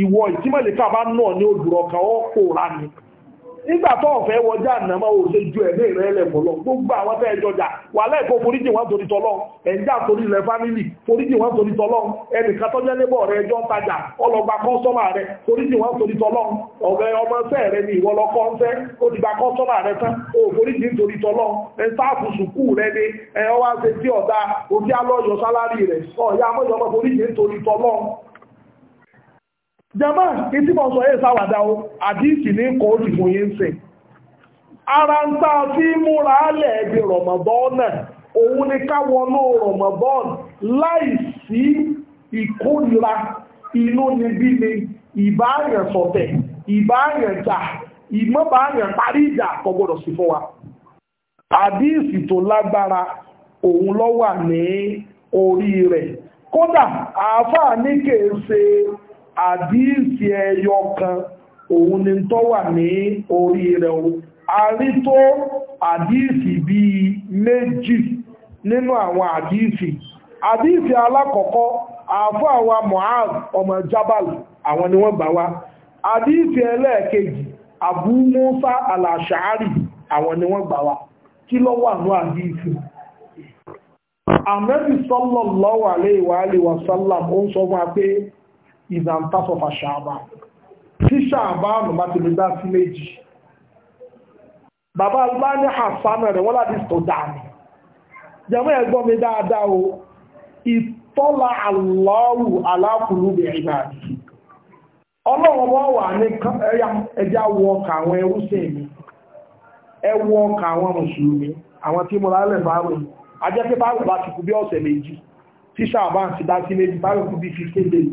ìwọ ìtímọ̀lẹ́kà bá náà ní òdùrọ̀ kan ó pòórá ni nígbà tó ọ̀fẹ́ wọjá ànàmọ́ ò ṣe ju ẹ̀mí rẹ̀ lẹ̀mọ̀lọ́ gbogbo àwọn tẹ́ ẹjọjà wà lẹ́ẹ̀kọ́ foríjì wọn torí tọ́lọ́ ẹ̀já torí ilẹ̀ fámílì foríjì wọn torí tọ́lọ́ ẹnìkan tó jẹ́ lébọ̀ rẹ̀ ẹjọ́ tajà ọlọ́gba kọ́sọ́mà rẹ̀ foríjì wọn torí tọ́lọ́ ọ̀rẹ́ ọmọọṣẹ́ rẹ̀ ni ìwọlọ́kọ́ ń fẹ́ ó ti gba kọ́sọ́mà rẹ̀ tán ó foríjì nítorí tọ́lọ́ ẹ sáàfù sùkú rẹ̀ ni ẹ wá ṣe tí ọ̀dà òbí alọ́yọ̀ sálárì rẹ̀ ọ̀yà amọ́yọ̀ ọmọ foríjì tọ́lọ́ jama ìtìmọ̀ sọ yẹ́ sáwàdá o àdíkì ní kò ó ti fún yí ń sìn ara ń tá a fi múra lẹ̀ di rọ̀mọ̀bọ́ọ̀nà òun ni káwọnú rọ̀mọ̀bọ́ọ̀n láì sí ìkórira inú níbí ni ìbáyàn sọ̀tẹ̀ ìbáyàn jà ìmọ̀báyàn parí ìjà kò sí fún wa àdíìsì tó lágbára òun ló ní orí rẹ̀ kódà àáfàá ní kèé àdíìsì ẹyọ kan òun ni tó wà ní orí rẹ̀ o a rí tó àdíìsì bíi méjì nínú àwọn àdíìsì àdíìsì alákọ̀ọ́kọ́ àfọ́ àwa Mu'az ọmọ Jabal àwọn ni wọ́n gbà wá àdíìsì ẹlẹ́ẹ̀kejì Abu Musa al àwọn ni wọ́n gbà wá kí ló wà ní àdíìsì Ànábì sallallahu alaihi wa alihi wa sallam ó ń sọ fún wa pé ìzàntásọ̀fà ṣàbà tí ṣàbà ọ̀nà bá ti lè dá sí méjì bàbá bá ní àsánà rẹ̀ wọ́n láti tó dáàmì jẹ́mọ́ ẹ̀gbọ́n mi dáadáa o ìtọ́lá Allahu ala qulubi ibadi ọlọ́run wọ́n wà ní ẹjá wọ ọkà àwọn ẹrúsìn mi ẹwọ ọkà àwọn mùsùlùmí àwọn tí mo lálẹ̀ bá rò ajẹ́ pé bá rò bá ti kú bí ọ̀sẹ̀ méjì tí ṣàbà ti dá sí méjì bá kú bí 15 days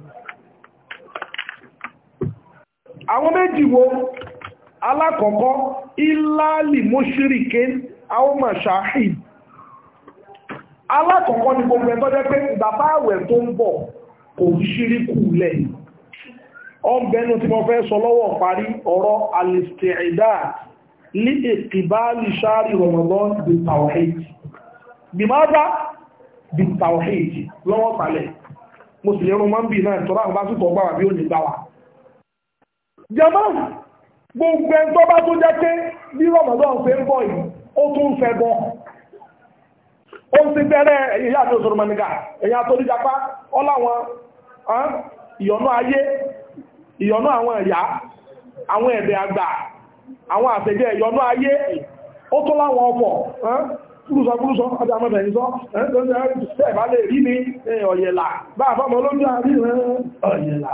àwọn méjì wo alákọ̀ọ́kọ́ ìlàlì mọ́ṣíríkẹ́ àwọn mọ̀ṣáhìn alákọ̀ọ́kọ́ ni gbogbo ẹ̀tọ́ pé ìgbàfà tó ń bọ̀ kò ṣíríkù lẹ̀ ọgbẹ́nu tí mo fẹ́ sọ lọ́wọ́ parí ọ̀rọ̀ alistiida ní ìkìbálì ṣáàrì Ramadan bí tawhid bí bá bí lọ́wọ́ jama gbogbo ẹni tó bá tó jẹ́ pé bí ramadan ṣe ń bọ̀ yìí ó tún ń fẹ́ bọ́ ó ń ti bẹ̀rẹ̀ èyí àti òṣòro mọ̀nìkà èyí àtòlùjápá ọláwọn ìyọ̀nú ayé ìyọ̀nú àwọn ẹ̀yà àwọn ẹ̀bẹ̀ àgbà àwọn àtẹ̀jẹ́ ìyọ̀nú ayé ó tó láwọn ọkọ̀ kúrùsọ kúrùsọ àti àmọ́bẹ̀rin sọ ẹ̀ẹ́dọ́sẹ̀ ẹ̀bá lè rí ní ọ̀yẹ̀là bá àbámọ́ lójú àrí ọ̀yẹ̀là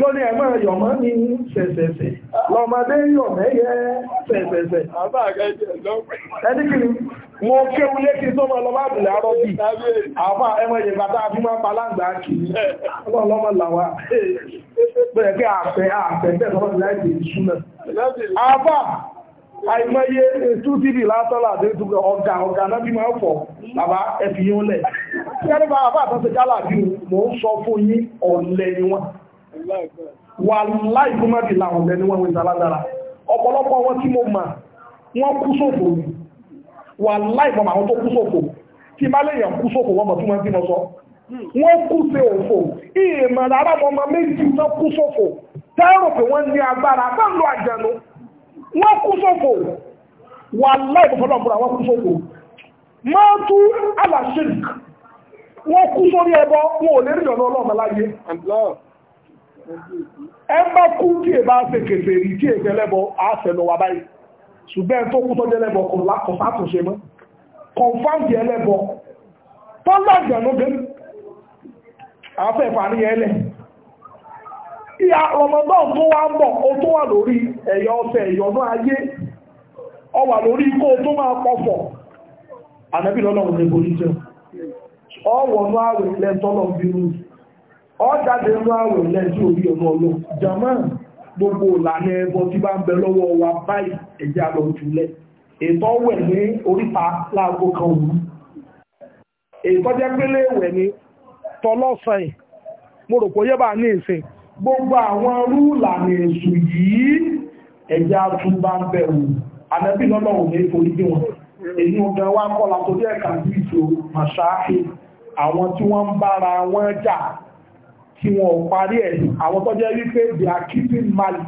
lórí ẹ̀mọ́ yọ̀mọ́ ní ṣẹ̀ṣẹ̀ṣẹ̀ lọ́mọdé yọ̀mẹ́ yẹ ṣẹ̀ṣẹ̀ṣẹ̀ ẹnikiri mo kéwú létí tó mọ́ lọ́mọ́ àbùlẹ̀ arọ́bì àwọn ẹmọ ìyẹ̀bàtà àfihàn palágbà kìí lọ́mọ làwà bẹ̀rẹ̀ pé àfẹ́ àfẹ́ tẹ́ àìmọye ètú tv látọ́lá àdéjú ọ̀gá ọ̀gá náà bí máa fọ̀ bàbá ẹ̀fìyàn lẹ̀ tí ẹni bá àbá àtọ́sẹ̀ jálà bí mo ń sọ fún yín ọ̀lẹ ni wọ́n wà láì tó má fi làwọn lẹ́ni wọ́n wíta ládára ọ̀pọ̀lọpọ̀ wọn tí mo mà wọ́n kú sófò ni wà láì mọ̀ àwọn tó kú sófò tí má lèèyàn kú sófò wọ́n mọ̀ tó má fi mọ̀ sọ wọ́n kú sí òfò ìmọ̀ rárá mọ̀ ọmọ méjì tó kú sófò tẹ́rù pé wọ́n ní agbára bá ń lo àjẹnu wọ́n kú sófò wà láì tó fọ́lọ́ wọ́n kú sófò máa tú àlàṣe wọ́n kú sórí ẹbọ wọn ò lè rí ọ̀nà ọlọ́ọ̀mọ láyé ẹgbẹ́ kú tí è bá ṣe kèfè rí è báyìí tó kú tó kò lákọ̀sátòṣe mọ́ kọ̀nfáǹdì ẹlẹ́bọ̀ tó lágbẹ̀núgbẹ́ afẹ́fà ní ẹlẹ́ ìyá Ramadan tó wá ń bọ̀ ó tó wà lórí ọ̀fẹ́ ayé ọ wà lórí ikó tó máa pọ̀fọ̀ lọ́lọ́run ní ọjáde ń wá àwẹ̀ lẹ́jú orí ọmọ ọlọ́ jama gbogbo ìlànà ẹbọ tí bá ń bẹ lọ́wọ́ wa báyìí ẹ̀jẹ̀ àlọ́ jùlẹ̀ ètò ọwẹ̀ ní oríta láago kan òru ètò jẹ́ pélé ìwẹ̀ ní tọlọ́sàn ẹ̀ mo rò pé ó yẹ bá ní ìsìn gbogbo àwọn irú ìlànà èṣù yìí ẹ̀jẹ̀ àtún bá ń bẹ̀ wò ànábì lọ́nà òní forí bí wọn èyí ọ̀gá wa kọ́ la tó bí ẹ̀ka bí ìṣó màṣááhì àwọn tí wọ́n ń bára wọn jà tí wọn ò parí ẹ̀ àwọn tó jẹ́ wípé they are keeping malice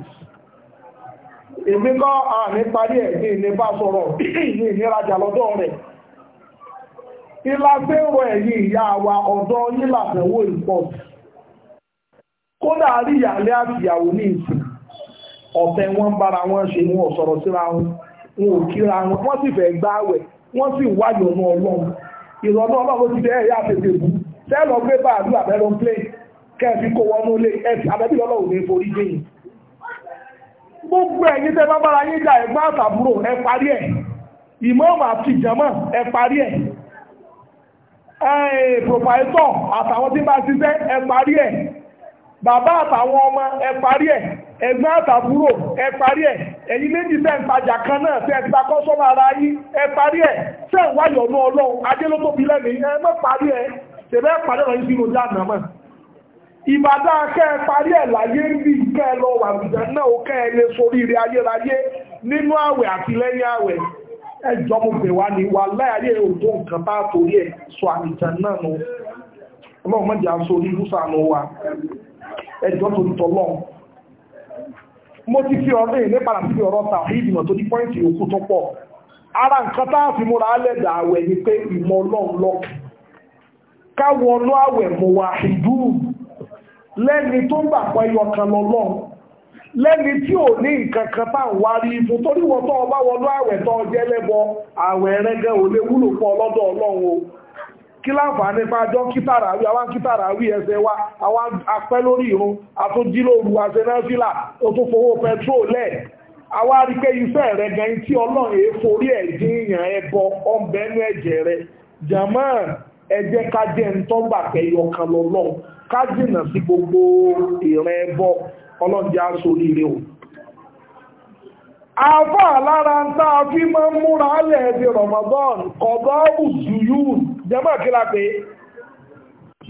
èmi kọ́ àmì parí ẹ̀ ní ilé bá sọ̀rọ̀ *clears throat* ní ìnírajà lọ́dọ̀ rẹ̀ ìlàfẹ́rọ ẹ̀yìn ìyá wa ọ̀dọ́ nílàfẹ́wò ìpọ̀ kódà rí ìyàlẹ́ àtìyàwó ní ìsìn ọ̀tẹ̀ wọn bára wọn ṣe wọn ò sọ̀rọ̀ síra wọn wọn ò kíra wọn wọ́n sì fẹ́ gbáwẹ̀ wọ́n sì wáyọ̀ ọmọ ọlọ́run ìrọ̀lọ́ ọlọ́run ti bẹ́ẹ̀ yá tètè bú tẹ́lọ gbé bá àdúrà bẹ́ẹ̀ lọ plane kẹfí kó wọnú lé ẹ̀sì abẹ́bí lọ́lọ́wọ́ ní forí jẹ́ yìí gbogbo ẹ̀yin tẹ́ bá bára yín jà ẹ̀gbọ́n àtàbúrò ẹ parí ẹ̀ ìmáàmù àti ìjàmọ́ ẹ parí ẹ̀ ẹ̀ẹ́ pòpáìtọ̀ àtàwọn tí bá ṣiṣẹ́ ẹ parí ẹ̀ bàbá àtàwọn ọmọ ẹ parí ẹ̀ ẹ̀gbọ́n àtàbúrò ẹ parí ẹ̀ ẹ̀yin méjì tẹ́ ń tajà kan náà tẹ́ ti ta kọ́sọ́mọ ara yín ẹ parí ẹ̀ tẹ́ ń wáyọ̀ ọ̀nà ọlọ́run ajé ló tóbi lẹ́nu ẹ má parí ẹ̀ tẹ̀bẹ́ parí ọ̀rọ̀ yín sínú jáàmù náà ìbàdá kẹ́ parí ẹ̀ láyé ń bí kẹ́ lọ wà bìdá náà ó kẹ́ ẹ lè sórí ire ayérayé nínú àwẹ̀ àti lẹ́yìn àwẹ̀ ẹjọ́ mo bẹ̀ wá ní wà láyé òjò nǹkan bá torí ẹ̀ sọ àmìjà náà nù ọlọ́run mọ́jà sórí wa ẹjọ́ tó tọ́lọ́ mo ti fi ọ̀rọ̀ ní padà sí ọ̀rọ̀ ta ìdìmọ̀ tó ní pọ́ìntì òkú tó pọ̀ ara nǹkan tá a fi múra lẹ́dà àwẹ̀ ni pé ìmọ̀ ọlọ́run lọ́kì káwọn ọlọ́ àwẹ̀ mo wà ìdúró lẹ́ni tó ń gbàpọ̀ ẹyọ kan lọ́lọ́run lẹ́ni tí ò ní nǹkan kan tá torí wọn tó ọba wọnú àwẹ̀ tó ọjẹ́ lẹ́bọ àwẹ̀ rẹ́gẹ́ ò lè wúlò o kí láǹfààní pa jọ kítàrà àwọn wa àwọn apẹ́ lórí irun àtúndí lóru ó tún fowó pẹtrol lẹ̀ àwọn iṣẹ́ gan tí ọlọ́run ẹ̀ dín ìyàn ẹ jẹ́ ká jẹ́ ń tọ́gbà kẹyọ kan lọ́lọ́run ká jìnà sí gbogbo ìrìn ẹbọ ọlọ́jà sórí rẹ̀ o àfà lára ń tá a fi máa múra alẹ́ ẹ̀dẹ̀ Ramadan kọ̀bọ̀ òsùyù jẹ́mọ̀ kí la pé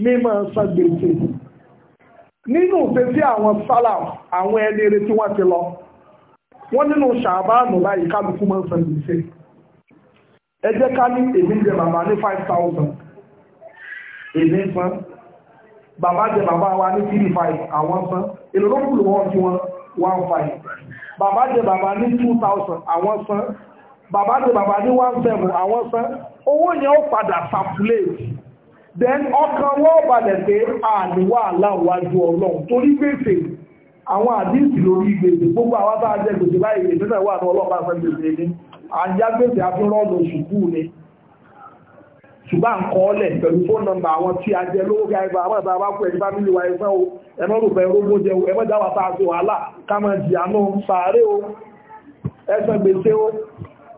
mímọ̀ san gbèsè nínú òfin tí àwọn sálàm àwọn ẹni eré tí wọ́n ti lọ wọ́n nínú ṣàbáànù báyìí kálukú máa san gbèsè ẹ ká ní èmi jẹ bàbá ní five thousand èdè ń san bàbá jẹ bàbá wa ní 35 àwọn san èlò ló kùlù wọn ju wọn 15 bàbá jẹ bàbá ní 2000 àwọn san bàbá jẹ bàbá ní 17 àwọn san owó yẹn ó padà circulate then ọkàn wọ́n balẹ̀ pé àníwá aláwájú ọlọ́run torí gbèsè àwọn àdíìsì lórí gbèsè gbogbo àwọn bá jẹ gbèsè láì gbèsè náà wà ní ọlọ́pàá fẹ́ gbèsè ní àyágbèsè àfihàn ọ̀nà òṣùkú ni ṣùgbọ́n à ń kọ́ ọ́lẹ̀ pẹ̀lú fóònù nọmba àwọn tí a jẹ lówó ga ibà àwọn ìbára kú ẹni bá nílùú wa ẹ̀fẹ́ o ẹ̀mọ́ rò pé rógbó jẹ o ẹ̀mọ́ dáwà tá a ṣe wàhálà ká máa jì àánú sàárè o ẹ̀sán gbèsè o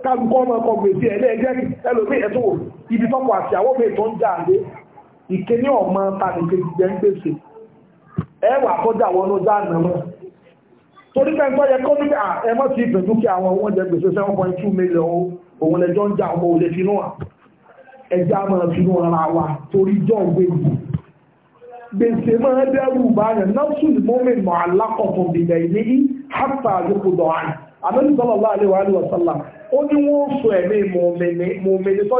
káàkùkọ́ ọmọ ọkọ̀ gbèsè ẹ̀ lẹ́ẹ̀jẹ́ ẹlòmí ẹ̀tọ́ wò ibi tọ́kọ̀ àti àwọn ọmọ ètò ń jà lé ìkéní ọmọ tàbí kejì jẹ́ ń gbèsè ẹ wà kọjá àwọn ọlọ́jà àná mọ́ torí pé nǹkan yẹ kó ní ẹ̀mọ́ million òun lẹjọ́ ń jà ọmọ òlè finú wa ẹjẹ́ a máa fi ara wa torí jọ́ gbèsè gbèsè máa dẹ́rù báyẹn nọ́ọ̀sùn mọ́mìn alákọ̀tún bìbẹ̀ ní hátà àdókòdọ̀ àná àmẹ́lì sọ́lọ́lá wàsálà ó ní wọ́n sọ ẹ̀mí ní tó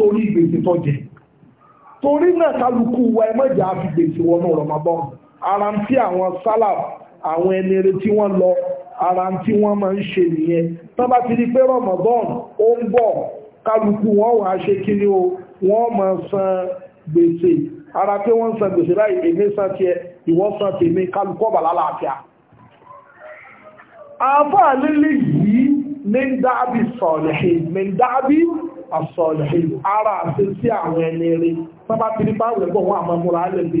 torí gbèsè torí náà kálukú wa ẹ á fi gbèsè wọnú àwọn sálà àwọn ara tí wọ́n máa ń ṣe nìyẹn tán bá ti rí pé Ramadan ó ń bọ̀ kálukú wọ́n wà á ṣe kí ni o wọ́n máa san gbèsè ara pé wọ́n ń san gbèsè láì èmi san tiẹ̀ ìwọ́n san tèmi kálukú ọ̀bà lálàáfíà àfáà lílé yìí mẹ́ndáàbí sọ̀lẹ̀hìn mẹ́ndáàbí àsọ̀lẹ̀hìn ara àti sí àwọn ẹni rí tán bá ti rí pé àwọn ẹ̀gbọ́n wọn àmọ́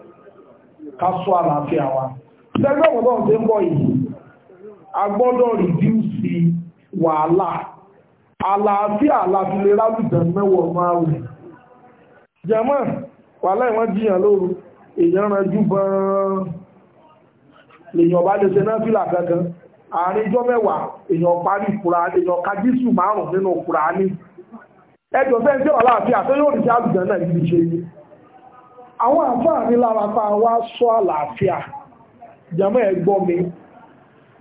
ká ṣọ́ àlàáfíà wa sẹ́gbẹ́ ọ̀gbọ́n tó ń bọ̀ yìí a gbọ́dọ̀ rìdíùsì wàhálà àlàáfíà àlàfilẹ̀ rábìdàn mẹ́wọ̀ máa wù jẹ́mọ́ wàhálà ìwọ́n jiyàn lóru èèyàn ranjú gan-an lèèyàn bá lè ṣe náà fìlà gangan àárín ijọ́ mẹ́wàá èèyàn parí ìkura èèyàn ka jésù márùn-ún nínú ìkura ní ẹjọ́ fẹ́ẹ́ tí ọ̀làáfíà tó yóò rí sí àbùdàn náà ibi ṣe yìí àwọn àǹfààní lára tá a wá sọ àlàáfíà jàmọ́ ẹ̀ gbọ́ mi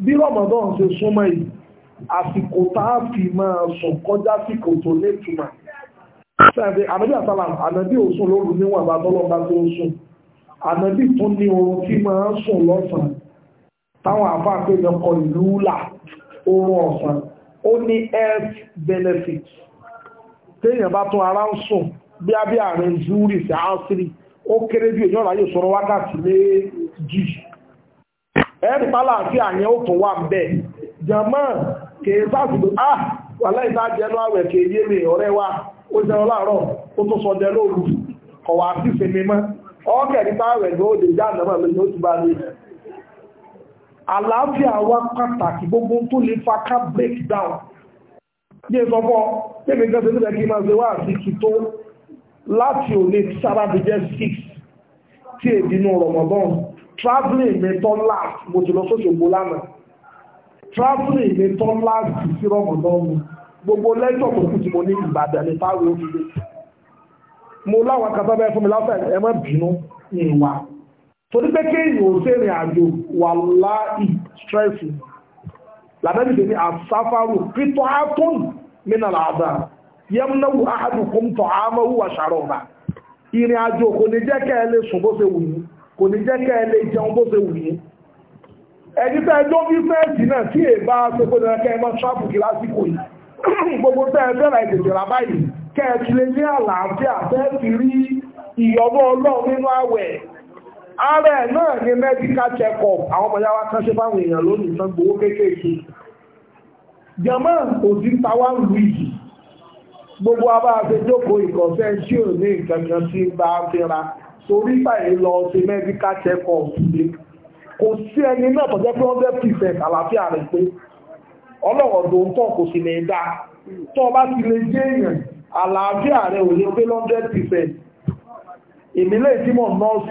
bí rọ̀mọ̀dán ṣe súnmọ́ yìí àsìkò tá a fi máa sùn kọjá síkò tó létùmọ̀ sẹ́ẹ̀dẹ̀ ànábì àsálàm ànábì òsùn lóru níwọ̀n bá tọ́lọ́ba tó ń sùn ànábì tún ní oorun tí máa ń sùn lọ́sàn-án táwọn àbá àpéjọ kọ ìlú là oorun ọ̀sán ó ní health benefits téèyàn bá tún ara ń sùn bí abẹ́ àárín zuri sí áṣírí ó kéré bí èyàn ráyè sọ̀rọ̀ wákàtí méjì ẹ̀rì pálá àti àyẹn ó tún wà bẹ́ẹ̀ jẹ̀mọ́ kèé sásìkò ah wà lẹ́yìn bá jẹ́ lọ́wọ́ rẹ̀ kèé yé mi ọ̀rẹ́ wa ó jẹun láàárọ̀ ó tún sọ jẹ lóru kọ̀wà sí ìsinmi mọ́ ọ̀kẹ́rì bá rẹ̀ ló dé já nàmọ́ lóyún ó ti bá àlàáfíà wa pàtàkì gbogbo tó lè fa ká break down bí ẹ sọ fọ́ nígbà kí máa ṣe láti òní sábàbí jẹ́ 6 tí èdínú Ramadan traveling mi tán last mo ti lọ sóṣogbo lánàá traveling mi tán last sí Ramadan mi gbogbo lẹ́jọ́ tó kù tí mo ní Ìbàdàn ní táwọn òfìlẹ̀ mo láwọn kan sábẹ́ fún mi láfẹ́ ẹ má bínú ní ìwà torí pé kéèyàn ò sí ìrìn àjò wà láì stress làbẹ́bí tèmi àsáfárò pítọ́ àtún mí nà láàdáa yamnawu ahadukum ta'amahu wa sharaba ìrìn àjò kò ní jẹ́ kẹ́ ẹ lè sùn bó ṣe wù yín kò ní jẹ́ kẹ́ ẹ lè jẹun bó ṣe wù yín ẹni tẹ́ ẹjọ́ bísẹ́ẹ̀sì náà tí èè bá ṣe pé náà kẹ́ ẹ máa ṣáàpù kí yìí *clears throat* ni medical check up àwọn ọmọ yàrá kan gbogbo abá àti jókòó ìkọ̀sẹ́ tí ò ní ìkankan sí bá fíra torí báyìí lọ ṣe medical check up today kò sí ẹni náà tó jẹ́ pé wọ́n jẹ́ prefect àlàáfíà rẹ̀ pé ọlọ́wọ́ tó ń tọ̀ kò sì lè dá tó bá ti lè jẹ́ èèyàn àlàáfíà rẹ̀ ò lè pé hundred percent èmi lè tí mò ń nọ́ọ̀sì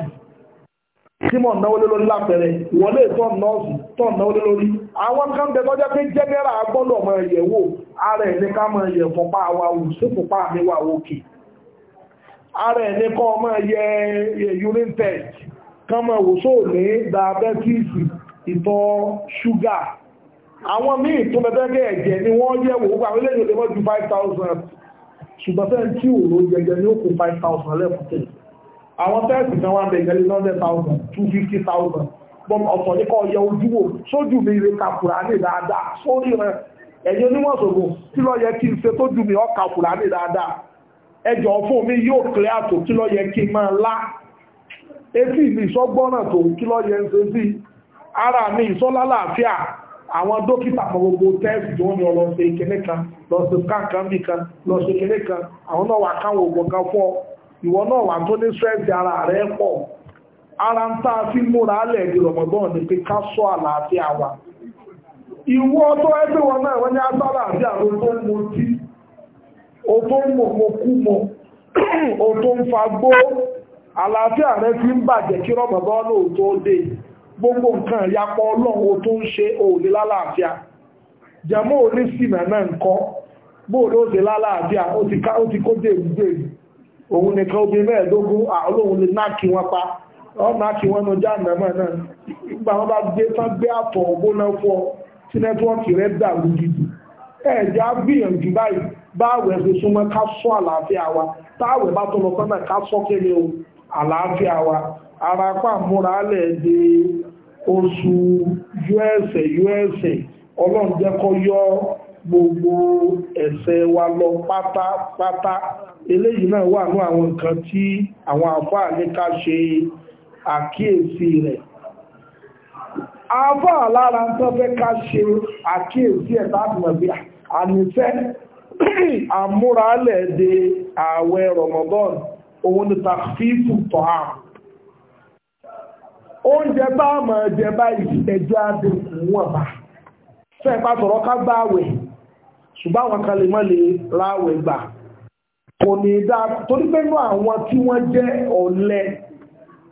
tí mò ń náwó lé lórí lápẹẹrẹ ìwọlé tó ń nọ́ọ̀sì tó ń náwó lé lórí àwọn kan bẹ tó jẹ́ pé general gbọ́dọ̀ mọ ẹ̀yẹ̀wò ara ẹ̀ ní ká máa yẹ fọ́pá wa wù sí fọ́pá mi wà òkè ara ẹ̀ ní kọ́ máa yẹ urine test kan máa wò sóò ní diabetes ìtọ̀ ṣúgà àwọn míì tó bẹ́tẹ́gẹ́ ẹ̀jẹ̀ ni wọ́n yẹ̀ wò gbà wọ́n lẹ́yìn olèmọ́ ju 5000 ṣùgbọ́n fẹ́ tí ò ló jẹjẹ ní òkú 5000 lẹ́fùtẹ̀ àwọn tẹ́ẹ̀sì kan wá bẹ̀gẹ̀ lé 100000 250000 bọ́m ọ̀tọ̀ ní kọ́ yẹ ojú wò sójú mi rẹ̀ kàkùrà ní dáadáa sórí rẹ̀ ẹ̀yin onímọ̀sọ̀gbọ̀n kí ló yẹ kí n ṣe tó ju mi ọkà fúlàní dáadáa fún mi yóò kílẹ̀ àtò kí ló yẹ kí n máa lá etí mi ìsọgbọ́nà tó kí ló yẹ ń ṣe sí ara mi ìsọlálàáfíà àwọn dókítà gbogbo tẹ́ẹ̀sì kan kan tó ara rẹ̀ pọ̀ ara ń tá a fi múra lẹ̀ di wa ìwọ tó ẹgbẹ́ wọn náà wọ́n ní agbára àbí àwọn tó ń mọ̀ tí o tó ń mọ̀ mọ̀ kú mọ̀ o tó ń fa gbó àlàáfíà rẹ fi ń bàjẹ́ kí rọ́mọ̀bọ́ náà tó dé gbogbo nǹkan ìyapọ̀ ọlọ́run o tó ń ṣe òòlé lálàáfíà jẹmọ́ òní sìnà náà nǹkan wọn bá gbé tán gbé àtọ̀ ògbóná tí nẹ́tíwọ́ọ̀kì rẹ̀ dàrú gidi ẹ̀já gbìyànjú báyìí báwẹ̀ ṣe súnmọ́ ká sọ àlàáfíà wa táwẹ̀ bá tó lọ sọ́nà ká sọ kéde o àlàáfíà wa ara pa múra lẹ̀ de oṣù usa usa ọlọ́run jẹ́ kó yọ gbogbo ẹ̀ṣẹ̀ wa lọ pátápátá eléyìí náà wà ní àwọn nǹkan tí àwọn àfáà ní ká ṣe àkíyèsí rẹ̀ afọ́ àlára tó fẹ́ ká ṣe àkíyèsí ẹ̀bá àbùmọ̀bíà àníṣẹ́ àmúralẹ̀ de ààwẹ̀ Ramadan òun ni tàfíìfù tọ́hà oúnjẹ bá mọ̀ ẹ̀jẹ̀ báyìí ẹ̀jẹ̀ àdínkù wọ̀n bá fẹ́ bá sọ̀rọ̀ ká gbá àwẹ̀ ṣùgbọ́n àwọn kan lè mọ́ lè ráwẹ̀ gbà kò ní dáa torí pé àwọn tí wọ́n jẹ́ ọ̀lẹ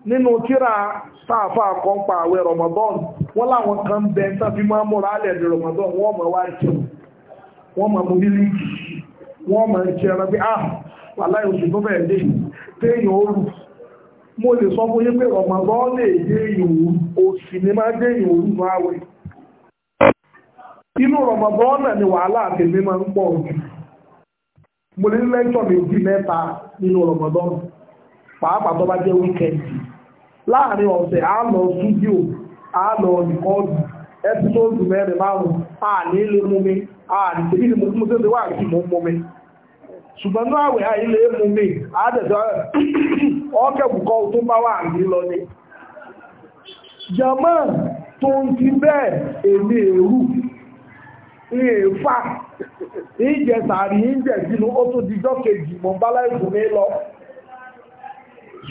nínú tíra sáàfà àkọ́ǹpa àwẹ̀ Ramadan wọ́n láwọn kan bẹ tàbí máa múra alẹ̀ Ramadan wọ́n mọ̀ wá jẹun wọ́n mọ̀ mílíkì wọ́n mọ̀ jẹran bí ah wàláì oṣù tó bẹ̀rẹ̀ dé mo lè sọ fún yín pé Ramadan lè dé ìwú òsì ni máa dé ìwú nù àwẹ̀ inú Ramadan náà ni wàhálà àtẹ̀mí máa ń pọ̀ jù mo lè ní mi mẹ́ta Ramadan pàápàá tó bá jẹ́ láàrin ọ̀sẹ̀ a lọ studio a mẹ́rin márùn a ní ilé múmi a ní ni mo wà sí múmi ṣùgbọ́n a múmi a dẹ̀dẹ̀ *clears throat* tó bá wà ní lọ ni jama tó ń ti bẹ́ẹ̀ èmi èrú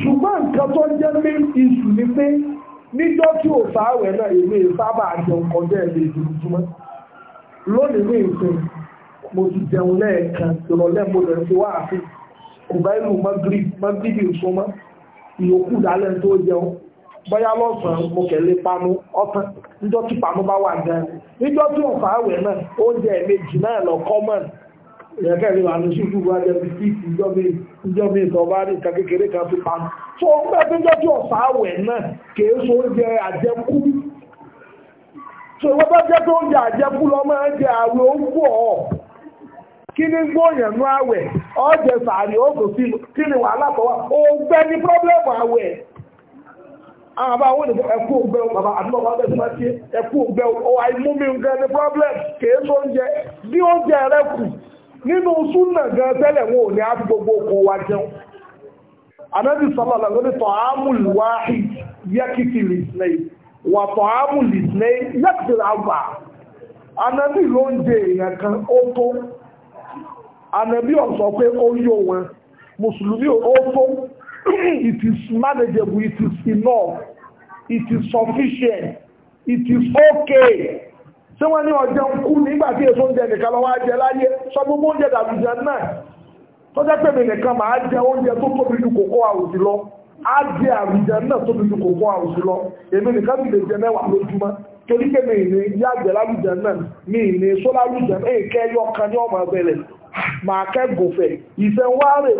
ṣùgbọ́n nǹkan tó jẹ́ main issue ni pé níjọ́ tí ò sáwẹ̀ náà èmi sábà jẹun kọjá ẹ̀mí ìdúrójúmọ́ lónìí ní ìsìn mo ti jẹun lẹ́ẹ̀kan ìrọ̀lẹ́ mo lọ sí wá àfi kò bá ìlú mọ́gídì ìsúnmọ́ ìyókù dálẹ́ tó jẹun bóyá lọ́sàn-án mo kẹ̀lé panu ọ̀tán níjọ́ tí panu bá wà gan-an níjọ́ tí ò sáwẹ̀ náà oúnjẹ ẹ̀mejì náà lọ kọ́mọ̀nù ìyẹ̀kẹ́rì wà ní ṣúgbù wà jẹ́ bisikíìtì ìjọ́mí ìtọ̀bá ní ìta kan fi pàánù tó ń gbẹ́ tó jọ́jú ọ̀sá àwẹ̀ náà kìí so oúnjẹ àjẹkú tó wọ́n bá jẹ́ tó oúnjẹ àjẹkú lọ jẹ àwẹ̀ oúnjẹ ọ̀ kí ni gbóyàn ní àwẹ̀ ọ̀jẹ̀ sàárì sí kí ni ni àwẹ̀ àwọn àdúgbò àìmúmi nǹkan bí nínú súnà gan tẹ́lẹ̀ wọn ò ní á gbogbo okùn wa jẹun anábì sọ́lá lọ́gbọ́n ní tọ́hámù lùwáhì yẹ́kìtì wà tọ́hámù lìsnẹ́ yẹ́kìtì anábì ló ń jẹ èèyàn kan ó tó anábì ọ̀sọ̀ pé ó yó wọn mùsùlùmí ó tó it is manageable it is enough it is sufficient it is okay tí wọ́n ní ọjọ́ ń kú nígbàtí èso oúnjẹ nìkan lọ́wọ́ ajẹ láyé sọ gbogbo oúnjẹ dàbìjẹ náà tó jẹ́ pèmí nìkan máa jẹ oúnjẹ tó tóbi ju kòkó lọ á jẹ àwùjẹ náà tóbi ju kòkó lọ èmi nìkan sì lè jẹ mẹ́wàá lójúmọ́ torí pé mi ní yàgbẹ́ náà mi ní náà kan ní ọmọ ẹgbẹ̀rẹ̀ kẹ́gùnfẹ̀ ìfẹ́ wá rè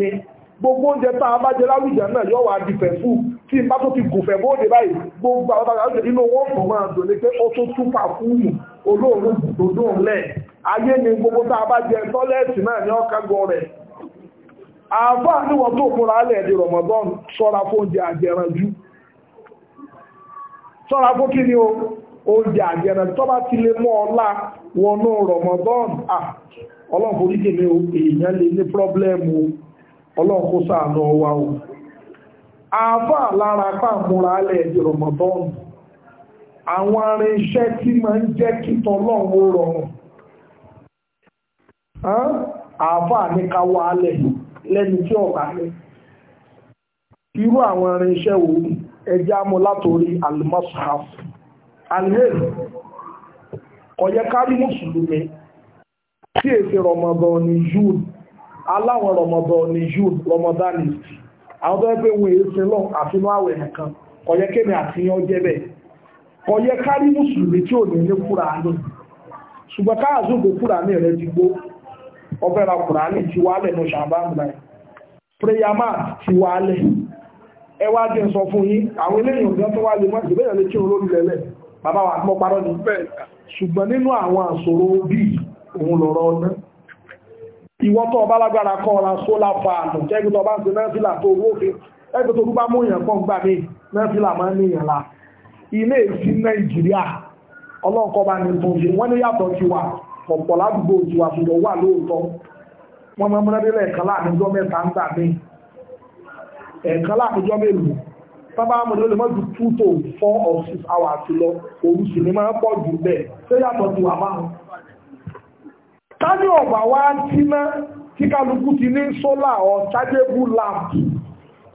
ni gbogbo oúnjẹ tá a bá jẹ láwùjọ náà yóò wá di fẹ̀fú tí n bá tó ti gùn fẹ̀ bóde báyìí gbogbo àwọn bàbá àjọ inú owó ọ̀pọ̀ máa dùn ní pé ó tó tún fà fúùmù olóòórùn tó dùn lẹ̀ ayé ni gbogbo tá a bá jẹ tọ́lẹ́ẹ̀tì náà ní ọ̀kágọ́ rẹ̀ àbá níwọ̀n tó múra alẹ́ ẹ̀dẹ̀ Ramadan sọ́ra fún oúnjẹ àjẹranjú sọ́ra fún kí ni o oúnjẹ àjẹranjú tó bá ti lè mọ́ ọlá wọnú Ramadan ah ọlọ́pàá oríkèlè èèyàn lè ní pọ́blẹ́mù o ọlọ́run kó ṣàánú wa o àáfà lára pàmúra alẹ́ ìrọ̀mọ̀dọ́nù àwọn irinṣẹ́ tí máa ń jẹ́ kí tọlọ́run ó rọrùn àáfà ní ká wá alẹ̀ lẹ́ni tí ọ̀gá lẹ́ irú àwọn irinṣẹ́ wo ẹjẹ́ amú látòrí almashaf alhel kọ̀yẹ́ kárí mùsùlùmí tí èsì rọmọdọ́ ní june aláwọn rọmọdọ̀ ni yún rọmọdánist àwọn tó pé wọn èsìn lọ àfinú àwẹ̀ nìkan kọ̀yẹ́ kémi àtìyàn jẹ́ bẹ́ẹ̀ kọ̀yẹ́ kárí mùsùlùmí tí ò ní ní kúránì ṣùgbọ́n káàzù gbé kúránì rẹ ti gbó ọfẹ́ ra kúránì ti wálẹ̀ ní ṣàbámbà prayer man ti wálẹ̀ ẹ wá jẹ́ sọ fún yín àwọn eléyìn òbí tó wálé mọ́ ìbéèrè lè kírun lórí lẹ́lẹ̀ bàbá wa pọ́ parọ́ ṣùgbọ́n nínú àwọn àṣòro bíi òun lọ̀rọ̀ ọdún ìwọ tó bá lágbára kọ́ ọ̀la sólà fàánù jẹ́gbẹ́ tó bá ń se mẹ́fìlà tó owó òfin ẹgbẹ́ tó bá mú èèyàn pọ́n gbà mí mẹ́fìlà máa ń ní èèyàn la ilé ìsìn nàìjíríà ọlọ́nkọ́ bá ní tó ṣe wọ́n ní yàtọ̀ ti wà ọ̀pọ̀ ládùúgbò ti wà ṣùgbọ́n wà lóòótọ́ wọ́n mọ́ mọ́lẹ́dẹ́lẹ̀ ẹ̀kan láàmìjọ́ mẹ́ta ń gbà mí ẹ̀kan láàmìjọ́ mélòó sábà mọ́lẹ́ olè mọ́jú two to four or six hours lọ òru sì ni máa ń pọ̀ jù bẹ́ẹ̀ ṣé yàtọ̀ ti wà máa tání ọ̀bà wá tíná tí kálukú ti ní sólà ọ̀ chájébù láàpù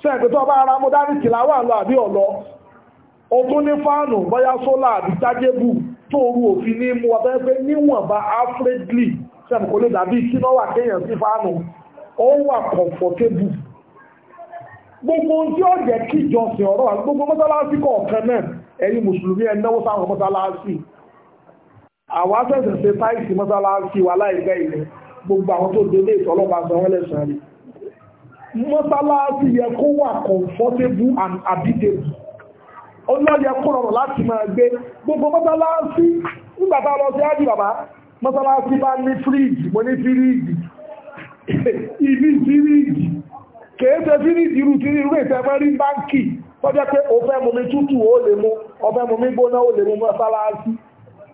sẹ́ẹ̀kì tó bá ara mú dání kìlá wà lọ àbí ọ̀lọ́ o tún ní fáànù bọ́yá sólà àbí chájébù tó rú òfin ní mú ọ̀bẹ́ pé níwọ̀nba afredly sẹ́ẹ̀kì kò lè dàbí kíná wà kéèyàn sí fáànù ó wà comfortable gbogbo tí ó jẹ́ kíjọsìn ọ̀rọ̀ àti gbogbo mọ́sálásí kọ̀ọ̀kan náà ẹ̀yin mùsùlùmí àwa sẹ̀sẹ̀ ṣe táìsì mọ́sálásí wa láìpẹ́ ìlú gbogbo àwọn tó délé ìtọ́lọ́pàá san wọ́n lẹ́sàn-án rẹ̀ mọ́sálásí yẹ kó wà comfortable and habitable ọlọ́yẹ kó rọrùn láti máa gbé gbogbo mọ́sálásí nígbà tá a lọ sí ájì bàbá mọ́sálásí bá ní fíríìjì mo ní fíríìjì *laughs* ìbí fíríìjì kèése fíríìjì irú tí irú ìfẹ́fẹ́ rí báńkì tó jẹ́ pé o fẹ́ mú mi tútù ó lè mú o fẹ́ mú mi gbóná ó lè mú mọ́sálásí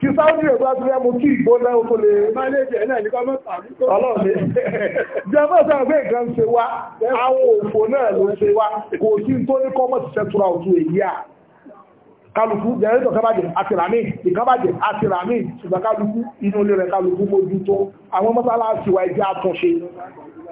kí sáwọ́dì rẹ̀ bá ti rẹ̀ mú kí ìgbóná ó tó lè mánéjẹ̀ náà ní kọ́mọ́ tàbí tó ọlọ́ọ̀lẹ́ jẹ́mọ́ sáà pé nǹkan ṣe wá àwọn òfò náà ló ṣe wá kò sí tó ní kọ́mọ́ ti ṣẹ́tura òtún èyí à kálukú jẹ́rẹ́tọ̀ kábàjẹ́ àtìràmì ìkábàjẹ́ àtìràmì ṣùgbọ́n kálukú inú ilé rẹ̀ kálukú mójútó àwọn mọ́sálásí wa ẹjẹ́ àtúnṣe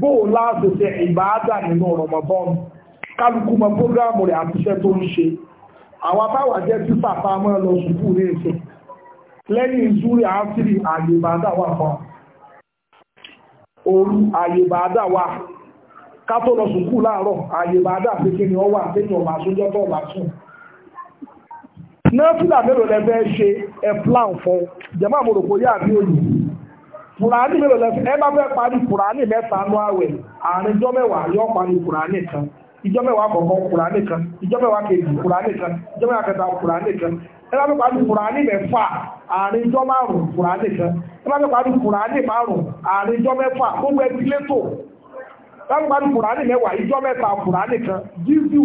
bóò láti ṣe ìbáadà nínú Ramadan kálukú mọ prógrámù rẹ̀ àtiṣẹ́ tó ń ṣe àwọn táwà jẹ́ tí pàpá mọ́ lọ sùkú ní èso lẹ́yìn ìzúrí àásìrì ààyè ìbáadà wà fún òru ààyè ìbáadà wà ká tó lọ sùkú láàárọ̀ ààyè ìbáadà pé kí ni ọ wà téèyàn ọ̀bà sójọ́ tó ọ̀bà kùránì mélòó lẹ́fẹ́ ẹ bá fẹ́ parí kùránì mẹ́ta nú àwẹ̀ àárín ìjọ mẹ́wàá yọ parí kùránì kan ìjọ mẹ́wàá kọ̀ọ̀kan kan ìjọ mẹ́wàá kejì kan ìjọ mẹ́wàá kẹta kan ẹ bá fẹ́ parí mẹ́fà àárín ìjọ márùn kan ẹ gbogbo ẹbí ẹ bá fẹ́ parí mẹ́wàá ìjọ mẹ́ta kan jíjí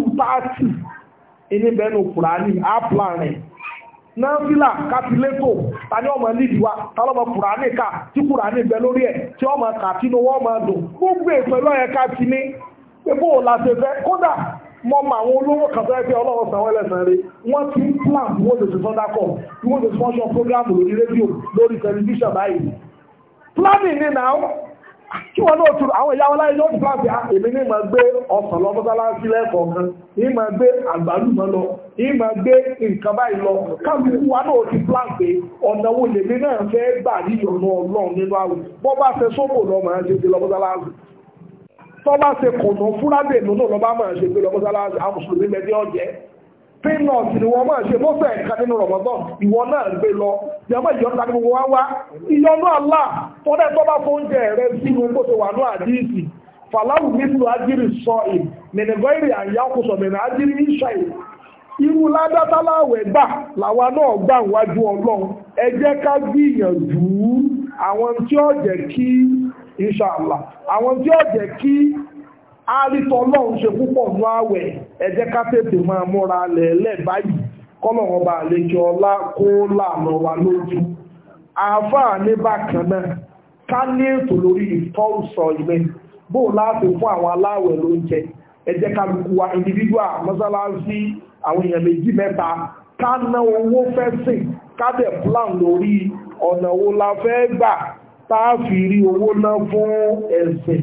náfìlà kápílétò tani ọmọ lídìí wa tani ọmọ kùránì ká tí kùránì bẹ lórí ẹ̀ tí ọmọ kà tí inú wọn máa dùn gbogbo ìpẹ̀lú ẹ̀ ká ní ebó la kódà mọ àwọn olówó kan tó wọ́n plan bí wọ́n lè ṣe sunday call bí wọ́n lè ṣe program lórí rédíò lórí tẹlifíṣàn báyìí planning ni now kí wọn náà tún àwọn ìyá wọn láyé yóò fún àbíá èmi ní máa gbé ọsàn lọ mọ́sálásí lẹ́ẹ̀kọ̀ọ́ kan ní máa gbé àgbàlùmọ́ lọ ní máa gbé nǹkan báyìí lọ káàkiri wa náà ti plan pé ọ̀nà wo lèmi náà fẹ́ gbà níyọ̀nà ọlọ́run nínú àwẹ̀ bọ́ bá fẹ́ sóbò lọ máa ṣe gbé lọ mọ́sálásí tọ́ bá ṣe kùnà fúrábẹ̀ lónà lọ bá máa ṣe gbé lọ mọ́sálásí àwọn mùsùlùmí mẹ́tẹ́ ọ̀jẹ́ peanut ni wọ́n máa ṣe mọ́sẹ̀ ẹ̀ka nínú Ramadan ìwọ náà gbé lọ ìyàmọ́ ìyọ́nà ní gbogbo wá wá àlá tọ́lẹ̀ tó bá fún oúnjẹ rẹ sínú bó wà ní àdíìsì fàláwù nílùú ájírí sọ ìm àyà òkùsọ̀ mẹ̀nẹ̀ gbìyànjú àrítọ́ ọlọ́run ṣe púpọ̀ ní àwẹ̀ ẹ jẹ́ ká tètè máa múra lẹ̀ẹ́lẹ̀ báyìí kọ́lọ̀wọ́n bá àlejò ọlá kó lànà wa lójú àáfàá ní bákan náà ká ní ètò lórí ìtọ́sọ ilẹ̀ bó láti fún àwọn aláwẹ̀ lóúnjẹ ẹ jẹ́ ká lùkù wa individual mọ́sálásí àwọn èèyàn méjì mẹ́ta ká ná owó fẹ́ sìn ká dẹ̀ plan lórí ọ̀nà wo la fẹ́ gbà tá a fi rí owó ná fún ẹ̀sìn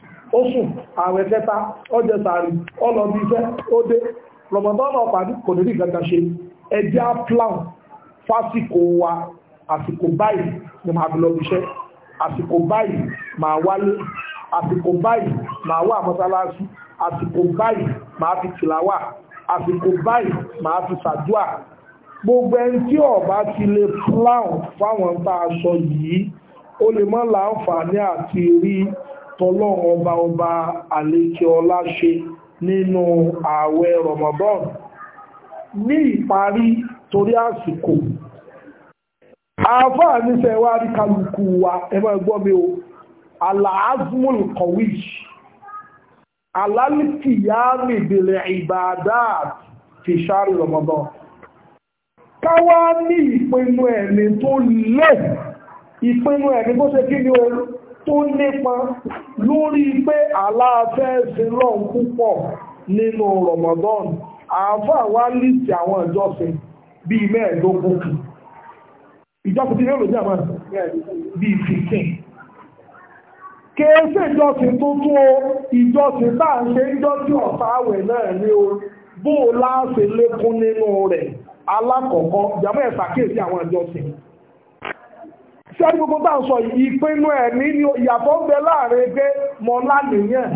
ó sùn ààwẹ̀ kẹta ọjọ́ sàárì ọlọ́bí iṣẹ́ ó dé rọmọdọ́nà ọ̀pàdé kò ní rí gàgà ṣe ẹjẹ́ plan fásìkò wa àsìkò báyìí ni màá lọ iṣẹ́ àsìkò báyìí màá wálé àsìkò báyìí màá wà mọ́sálásí àsìkò báyìí màá fi tìlàwà àsìkò báyìí màá fi sàdúà gbogbo ẹni tí ọba ti lè plan fáwọn tá a sọ yìí ó lè mọ́ láǹfààní àti rí tọ́lọ́run ọba ọba àlékè ọlá ṣe nínú ààwẹ̀ Ramadan ní ìparí torí àsìkò àáfàá nífẹ̀ẹ́ wá rí kálukú wa ẹ máa gbọ́ mi o alaazmul kọ̀wíj alálìkìyàmì ìbìlẹ̀ ìbàdáàt fi ṣáàrì Ramadan káwá ní ìpinnu ẹ̀mí tó lé ìpinnu ẹ̀mí tó ṣe kí ni o tó nípa lórí pé aláàfẹ́ sí lọ́n púpọ̀ nínú Ramadan àáfà wá lìsì àwọn ìjọsìn bíi mẹ́ẹ̀ẹ́dógún ìjọsìn tí yóò jẹ́ bíi fifteen kéèsè ìjọsìn tó tún o ìjọsìn bá ń ṣe ìjọsìn ọ̀sá àwẹ̀ náà ní o bó o láàṣẹ lékún nínú rẹ̀ alákọ̀ọ́kọ́ jàmọ́ ẹ̀ ṣàkíyèsí àwọn ìjọsìn tí gbogbo bá sọ ìpinnu ẹ̀mí ni ìyàtọ̀ ń bẹ láàrin pé mọ lánìyàn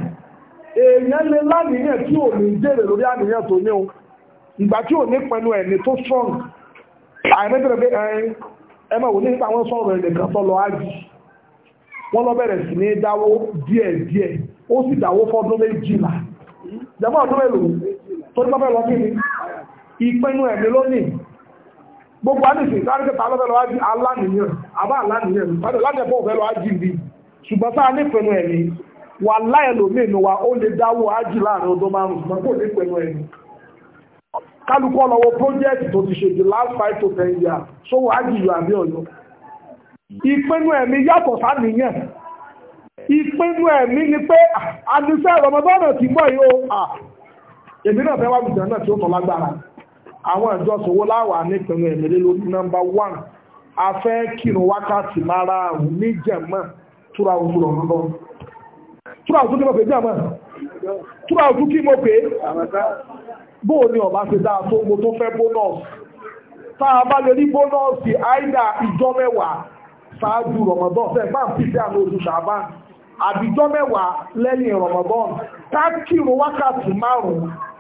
èèyàn lè lánìyàn tí ò ní jèrè lórí o ìgbà tí ò ní pinnu ẹ̀mí tó strong àìmẹ́tẹ̀rẹ̀ pé ẹ̀yìn ẹmọ wò nípa sọ̀rọ̀ lọ ájì wọ́n lọ bẹ̀rẹ̀ sí ní dáwó díẹ̀ díẹ̀ ó sì dáwó fọ́dún méjìlá jẹ́mọ́ ọdún mélòó tó ní pápẹ́ lọ kí ni ìpinnu ẹ̀mí gbogbo àdìsí sáríkẹta alọ́fẹ́lọ́ ájì alánìyàn ala alánìyàn padà lájẹ̀bọ̀ òfẹ́lọ́ ájì rí ṣùgbọ́n sáà nípinnu ẹ̀mí wà láìlòmínú wa ó lè dáwọ́ ájì láàrin ọdún márùn-ún maka kò nípinnu ẹ̀mí kálukú ọlọ́wọ́ project last five to ten ni ti náà wá náà tí ó tọ́ lágbára àwọn ìjọsìn wo láwà nípinnu ẹ̀mẹ́lẹ́ lórí nọ́mbà one a fẹ́ kírun wákàtí márààrún ní jẹ̀mọ́ túra oṣù lọ́nà túra oṣù kí mo pè jẹ̀mọ́ túra oṣù kí mo pè bóò ni ọba ṣe dáa tó mo tó fẹ́ bónọ́ọ̀sì tá a bá lè rí bónọ́ọ̀sì àìdá ìjọ mẹ́wàá ṣáájú rọmọdán fẹ́ bá ń pèsè àwọn oṣù ṣàbá àbíjọ mẹ́wàá lẹ́yìn rọmọdán ká kírun wákàtí márùn-ún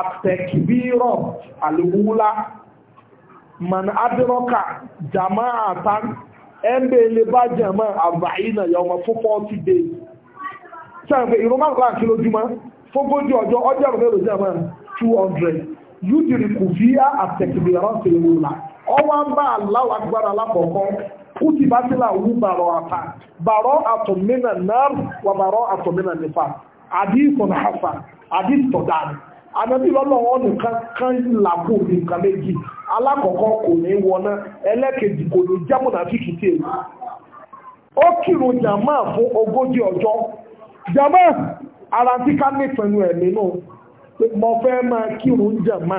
àtẹ̀kìbírọ̀ àlùwúlá man adrọ́kà jama àtàn ẹ̀ńbẹ̀ ilé bá jẹ̀mọ́ àbáyínà yọmọ fún 40 days sẹ́ǹfẹ̀ ìrọ́mọ́ àkọ́lá kí lójúmọ́ fógójì ọjọ́ ọjọ́ ìrọ̀lẹ́ ló jẹ́ mọ́ 200 yúdìrí kò fi á àtẹ̀kìbírọ̀ sí ìwòlá ọwọ́ baro bá aláwọ̀ agbára lákọ̀ọ́kọ́ kúti bá ti láwú bàrọ̀ àtà bàrọ̀ àtọ̀mínà náà wà bàrọ̀ àtọ̀mínà ànábì lọ́lọ́wọ́ nìkan kan làkó nìkan méjì alákọ̀ọ́kọ́ kò ní wọná ẹlẹ́kejì kò ní jámùnà fíkìtì èyí ó kírun jàmá fún ogójì ọjọ́ jàmá ara tí ká nífẹ̀ẹ́ ẹ̀mí náà mo fẹ́ máa kírun jàmá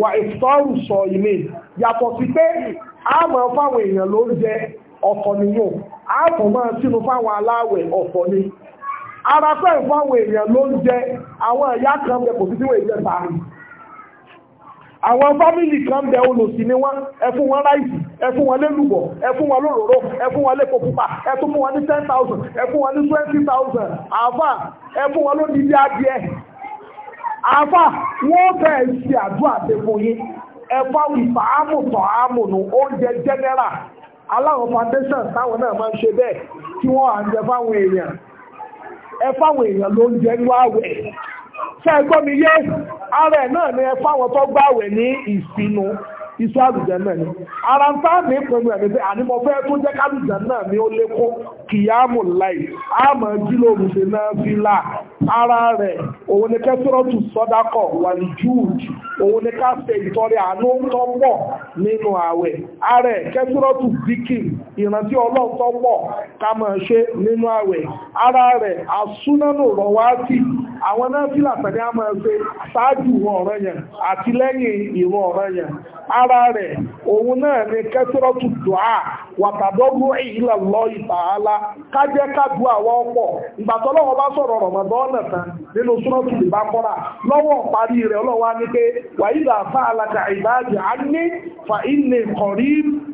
wà ìfọ́rù sọ ilé yàtọ̀ sí pé a mọ̀ fáwọn èèyàn ló ń jẹ ọ̀fọ̀ nìyàn a kò mọ̀ sínú fáwọn aláwẹ̀ ọ̀fọ̀ ni ara pẹ́ fáwọn èèyàn ló ń jẹ àwọn ìyá kan bẹ kò sí tíwọ̀ ìjẹ sàárì àwọn fámìlì kan bẹ olòṣì ni wọn ẹ fún wọn ráìsì ẹ fún wọn lélùbọ ẹ fún wọn lóròró ẹ fún wọn lépo pupa ẹ tún fún wọn ní ten thousand ẹ fún wọn ní twenty thousand àáfà ẹ fún wọn lódìdí adìẹ Afa, wọ́n fẹ́ẹ̀ ṣe àdúrà ṣe fún yín ẹ̀fọ́ ìfà ámùtọ̀ ámùnù oúnjẹ general aláwọ̀ foundation táwọn náà máa ń ṣe bẹ́ẹ̀ kí wọ́n à ń jẹ fáwọn èèyàn ẹ fáwọn èèyàn ló ń jẹ ní àwẹ̀ ṣe ẹgbọ́ mi yé ara ẹ̀ náà ni ẹ fáwọn tó gbàwẹ̀ ní ìsinú iṣẹ́ àlùjẹ́ náà ni ara ń tá ní ìpinnu ẹ̀mí pé àní mo fẹ́ tó jẹ́ kálùjẹ́ náà ni ó lékún kìyàmù láì àmọ́ jí lóru ṣe náà fi là ara rẹ̀ òun ni kẹ́sìrọ́tù sọ́dákọ̀ wà ní òun ni ká ṣe àánú tó pọ̀ nínú ààwẹ̀ ara ẹ̀ kẹ́sìrọ́tù ìrántí ọlọ́run tó pọ̀ ṣe nínú ààwẹ̀ ara rẹ̀ àsúnánù àwọn náà a máa ṣe ìwọ̀n ọ̀rọ̀ yẹn àti lẹ́yìn ìwọ̀n ara rẹ̀ òun náà ni lọ ìtàhálà àwọn ọ̀pọ̀ náà tán nínú súnmọ́tù ìbá kọ́ra lọ́wọ́ parí rẹ̀ ọlọ́wà ní pé wàídà fà alaka ìbáàjì á ní fa ilẹ̀ kọ̀rí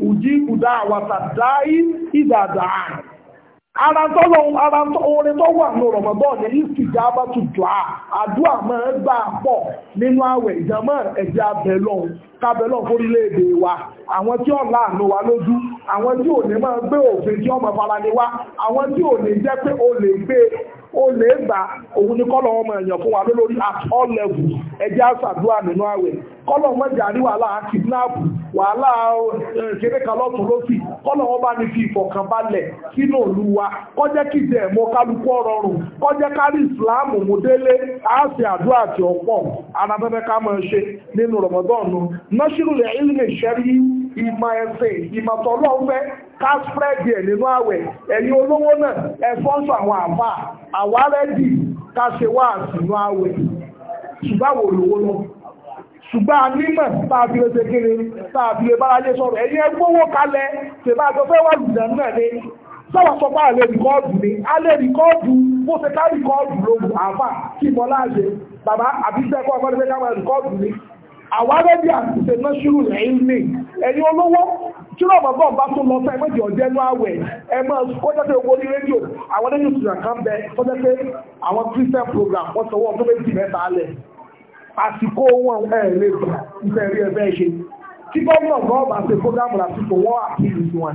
ùjí ìdá àwàtà dáì ìdàdà ara tọ́lọ ara orin tó wà ní rọ̀mọ́bọ́ ní ìsìnkú abátùtù àdúà máa gbà pọ̀ nínú àwẹ̀ ìjàmọ́ ẹ̀jẹ̀ abẹ́lọ́hùn kábẹ́lọ̀ fórílẹ̀-èdè wa àwọn tí ó láàánú wa lójú àwọn tí ò ní máa gbé òfin tí ọmọ fara ni wa àwọn tí ò ní jẹ́ pé o lè gbé o lè gbà òun ni kọ́lọ̀ ọmọ èèyàn fún wa lórí at all level ẹjẹ́ àṣàdúrà nínú àwẹ̀ kọ́lọ̀ ọmọ jàrí wàhálà kidnap wàhálà kéré kan lọ́tún lọ́sì kọ́lọ̀ ọmọ ní fi ìfọ̀kànbalẹ̀ sínú òlu wa kọ́jẹ́ kí jẹ́ ẹ̀mọ́ kálukú ọ̀rọ̀rùn kọ́jẹ́ kárí ìsìláàmù mú délé àṣẹ àdúrà àti ọ̀pọ̀ anábẹ́fẹ́ ká máa ṣe nínú rọ̀mọ́dọ́ọ̀nù nọ́ṣírùlẹ̀ ilmi ṣẹ́rí ìmọ̀ ẹ̀sìn ìmọ̀ tọ́lọ́fẹ́ kásprẹ́dì ẹ̀ nínú àwẹ̀ ẹ̀yin olówó náà ẹ fọ́nsọ àwọn àbá àwárẹ́dì káṣewà sínú àwẹ̀ ṣùgbọ́n àwọn olówó náà ṣùgbọ́n a nímọ̀ tààbí lè ṣe kiri tààbí lè bára lé sọ̀rọ̀ ẹ̀yin ẹ gbówó kalẹ̀ tèbá àjọ fẹ́ wà lùdà náà ní sọ́wọ́ sọ pé àlè rìkọ́ọ̀dù ni àlè rìkọ́ọ̀dù bó ṣe àwárẹ́bí àtúnṣe náà ṣírù lẹ́yìnlẹ́ ẹ̀yin olówó tí náà bàbá ọba tó lọ fẹ́ méjì ọjọ́ ẹnu àwẹ̀ ẹ máa kọjá pé owó ní rédíò àwọn ẹni ìṣúra kan bẹ kọjá pé àwọn christian program wọ́n sọ wọ́n tó méjì mẹ́ta alẹ̀ àsìkò wọn ẹ̀ lè gbà ìfẹ́ rí ẹ bẹ́ẹ̀ ṣe tí gómìnà gan ọba ṣe program làsìkò wọn àti ìlú wọn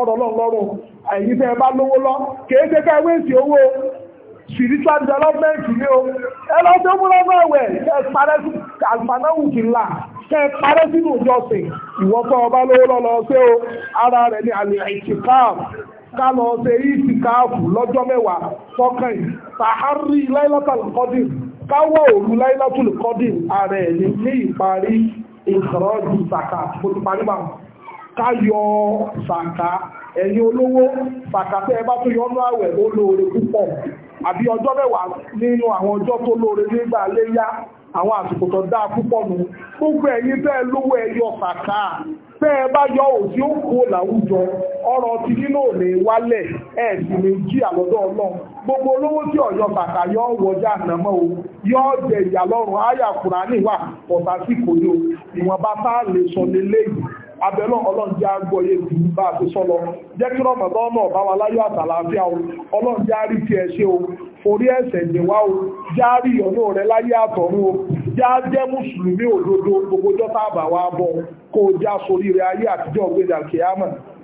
ọ̀rọ̀ lọ́rùn ẹ̀yin tẹ́ bá lówó lọ kìí tẹ́ ká wéèsì owó spiritual development ni o ẹ lọ tó múlọ náà wẹ̀ ẹ parẹ́ sí àlùfánáwù kì í là kẹ parẹ́ sínú ìjọsìn ìwọ́pọ̀ ọba lówó lọ́lọ́ sí o ara rẹ̀ ni àlè ìtìkáàfù ká ṣe ìtìkáàfù lọ́jọ́ mẹ́wàá sọ́kàn sàárì láìlọ́tàlù káwọ́ òru láìlọ́tàlù ààrẹ ní ìparí ìkọ̀rọ̀ káyọ sàkà ẹ̀yin olówó sàkà tẹ́ ẹ bá tó yọnú àwẹ̀ ó lóore púpọ̀ àbí ọjọ́ mẹ́wàá nínú àwọn ọjọ́ tó lóore nígbà léyá àwọn àsìkò tó dáa púpọ̀ nù gbogbo ẹ̀yin tẹ́ ẹ lówó ẹyọ sàkà tẹ́ ẹ bá yọ òsì ó kú làwùjọ ọrọ̀ ti nínú òní wálẹ̀ ẹ̀ sì ní jí àlọ́dọ̀ ọlọ́run gbogbo olówó tí ọ̀yọ́ bàtà yọ wọjá ànàmọ́ o yọ jẹ ìyà áyà Kùránì wà pọ̀tàsí kò ní ìwọ̀nba tá a lè sọ lélẹ́yìí abẹ́lọ́ ọlọ́njẹ́ agbóyè jù bá fi sọ́lọ jẹ́ kí rọmọdán náà bá wa láyọ̀ àtàlàáfíà o ọlọ́njẹ́ àrí ti ẹ̀ṣẹ̀ o forí ẹ̀ṣẹ̀ jẹ̀wá o járí ìyọ̀nú rẹ láyé àtọ̀run o já jẹ́ mùsùlùmí òdodo gbogbo jọ́ta àbàwà bọ̀ kó o já sórí rẹ ayé àtijọ́ ògbéjà kìámà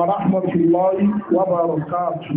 ورحمة الله وبركاته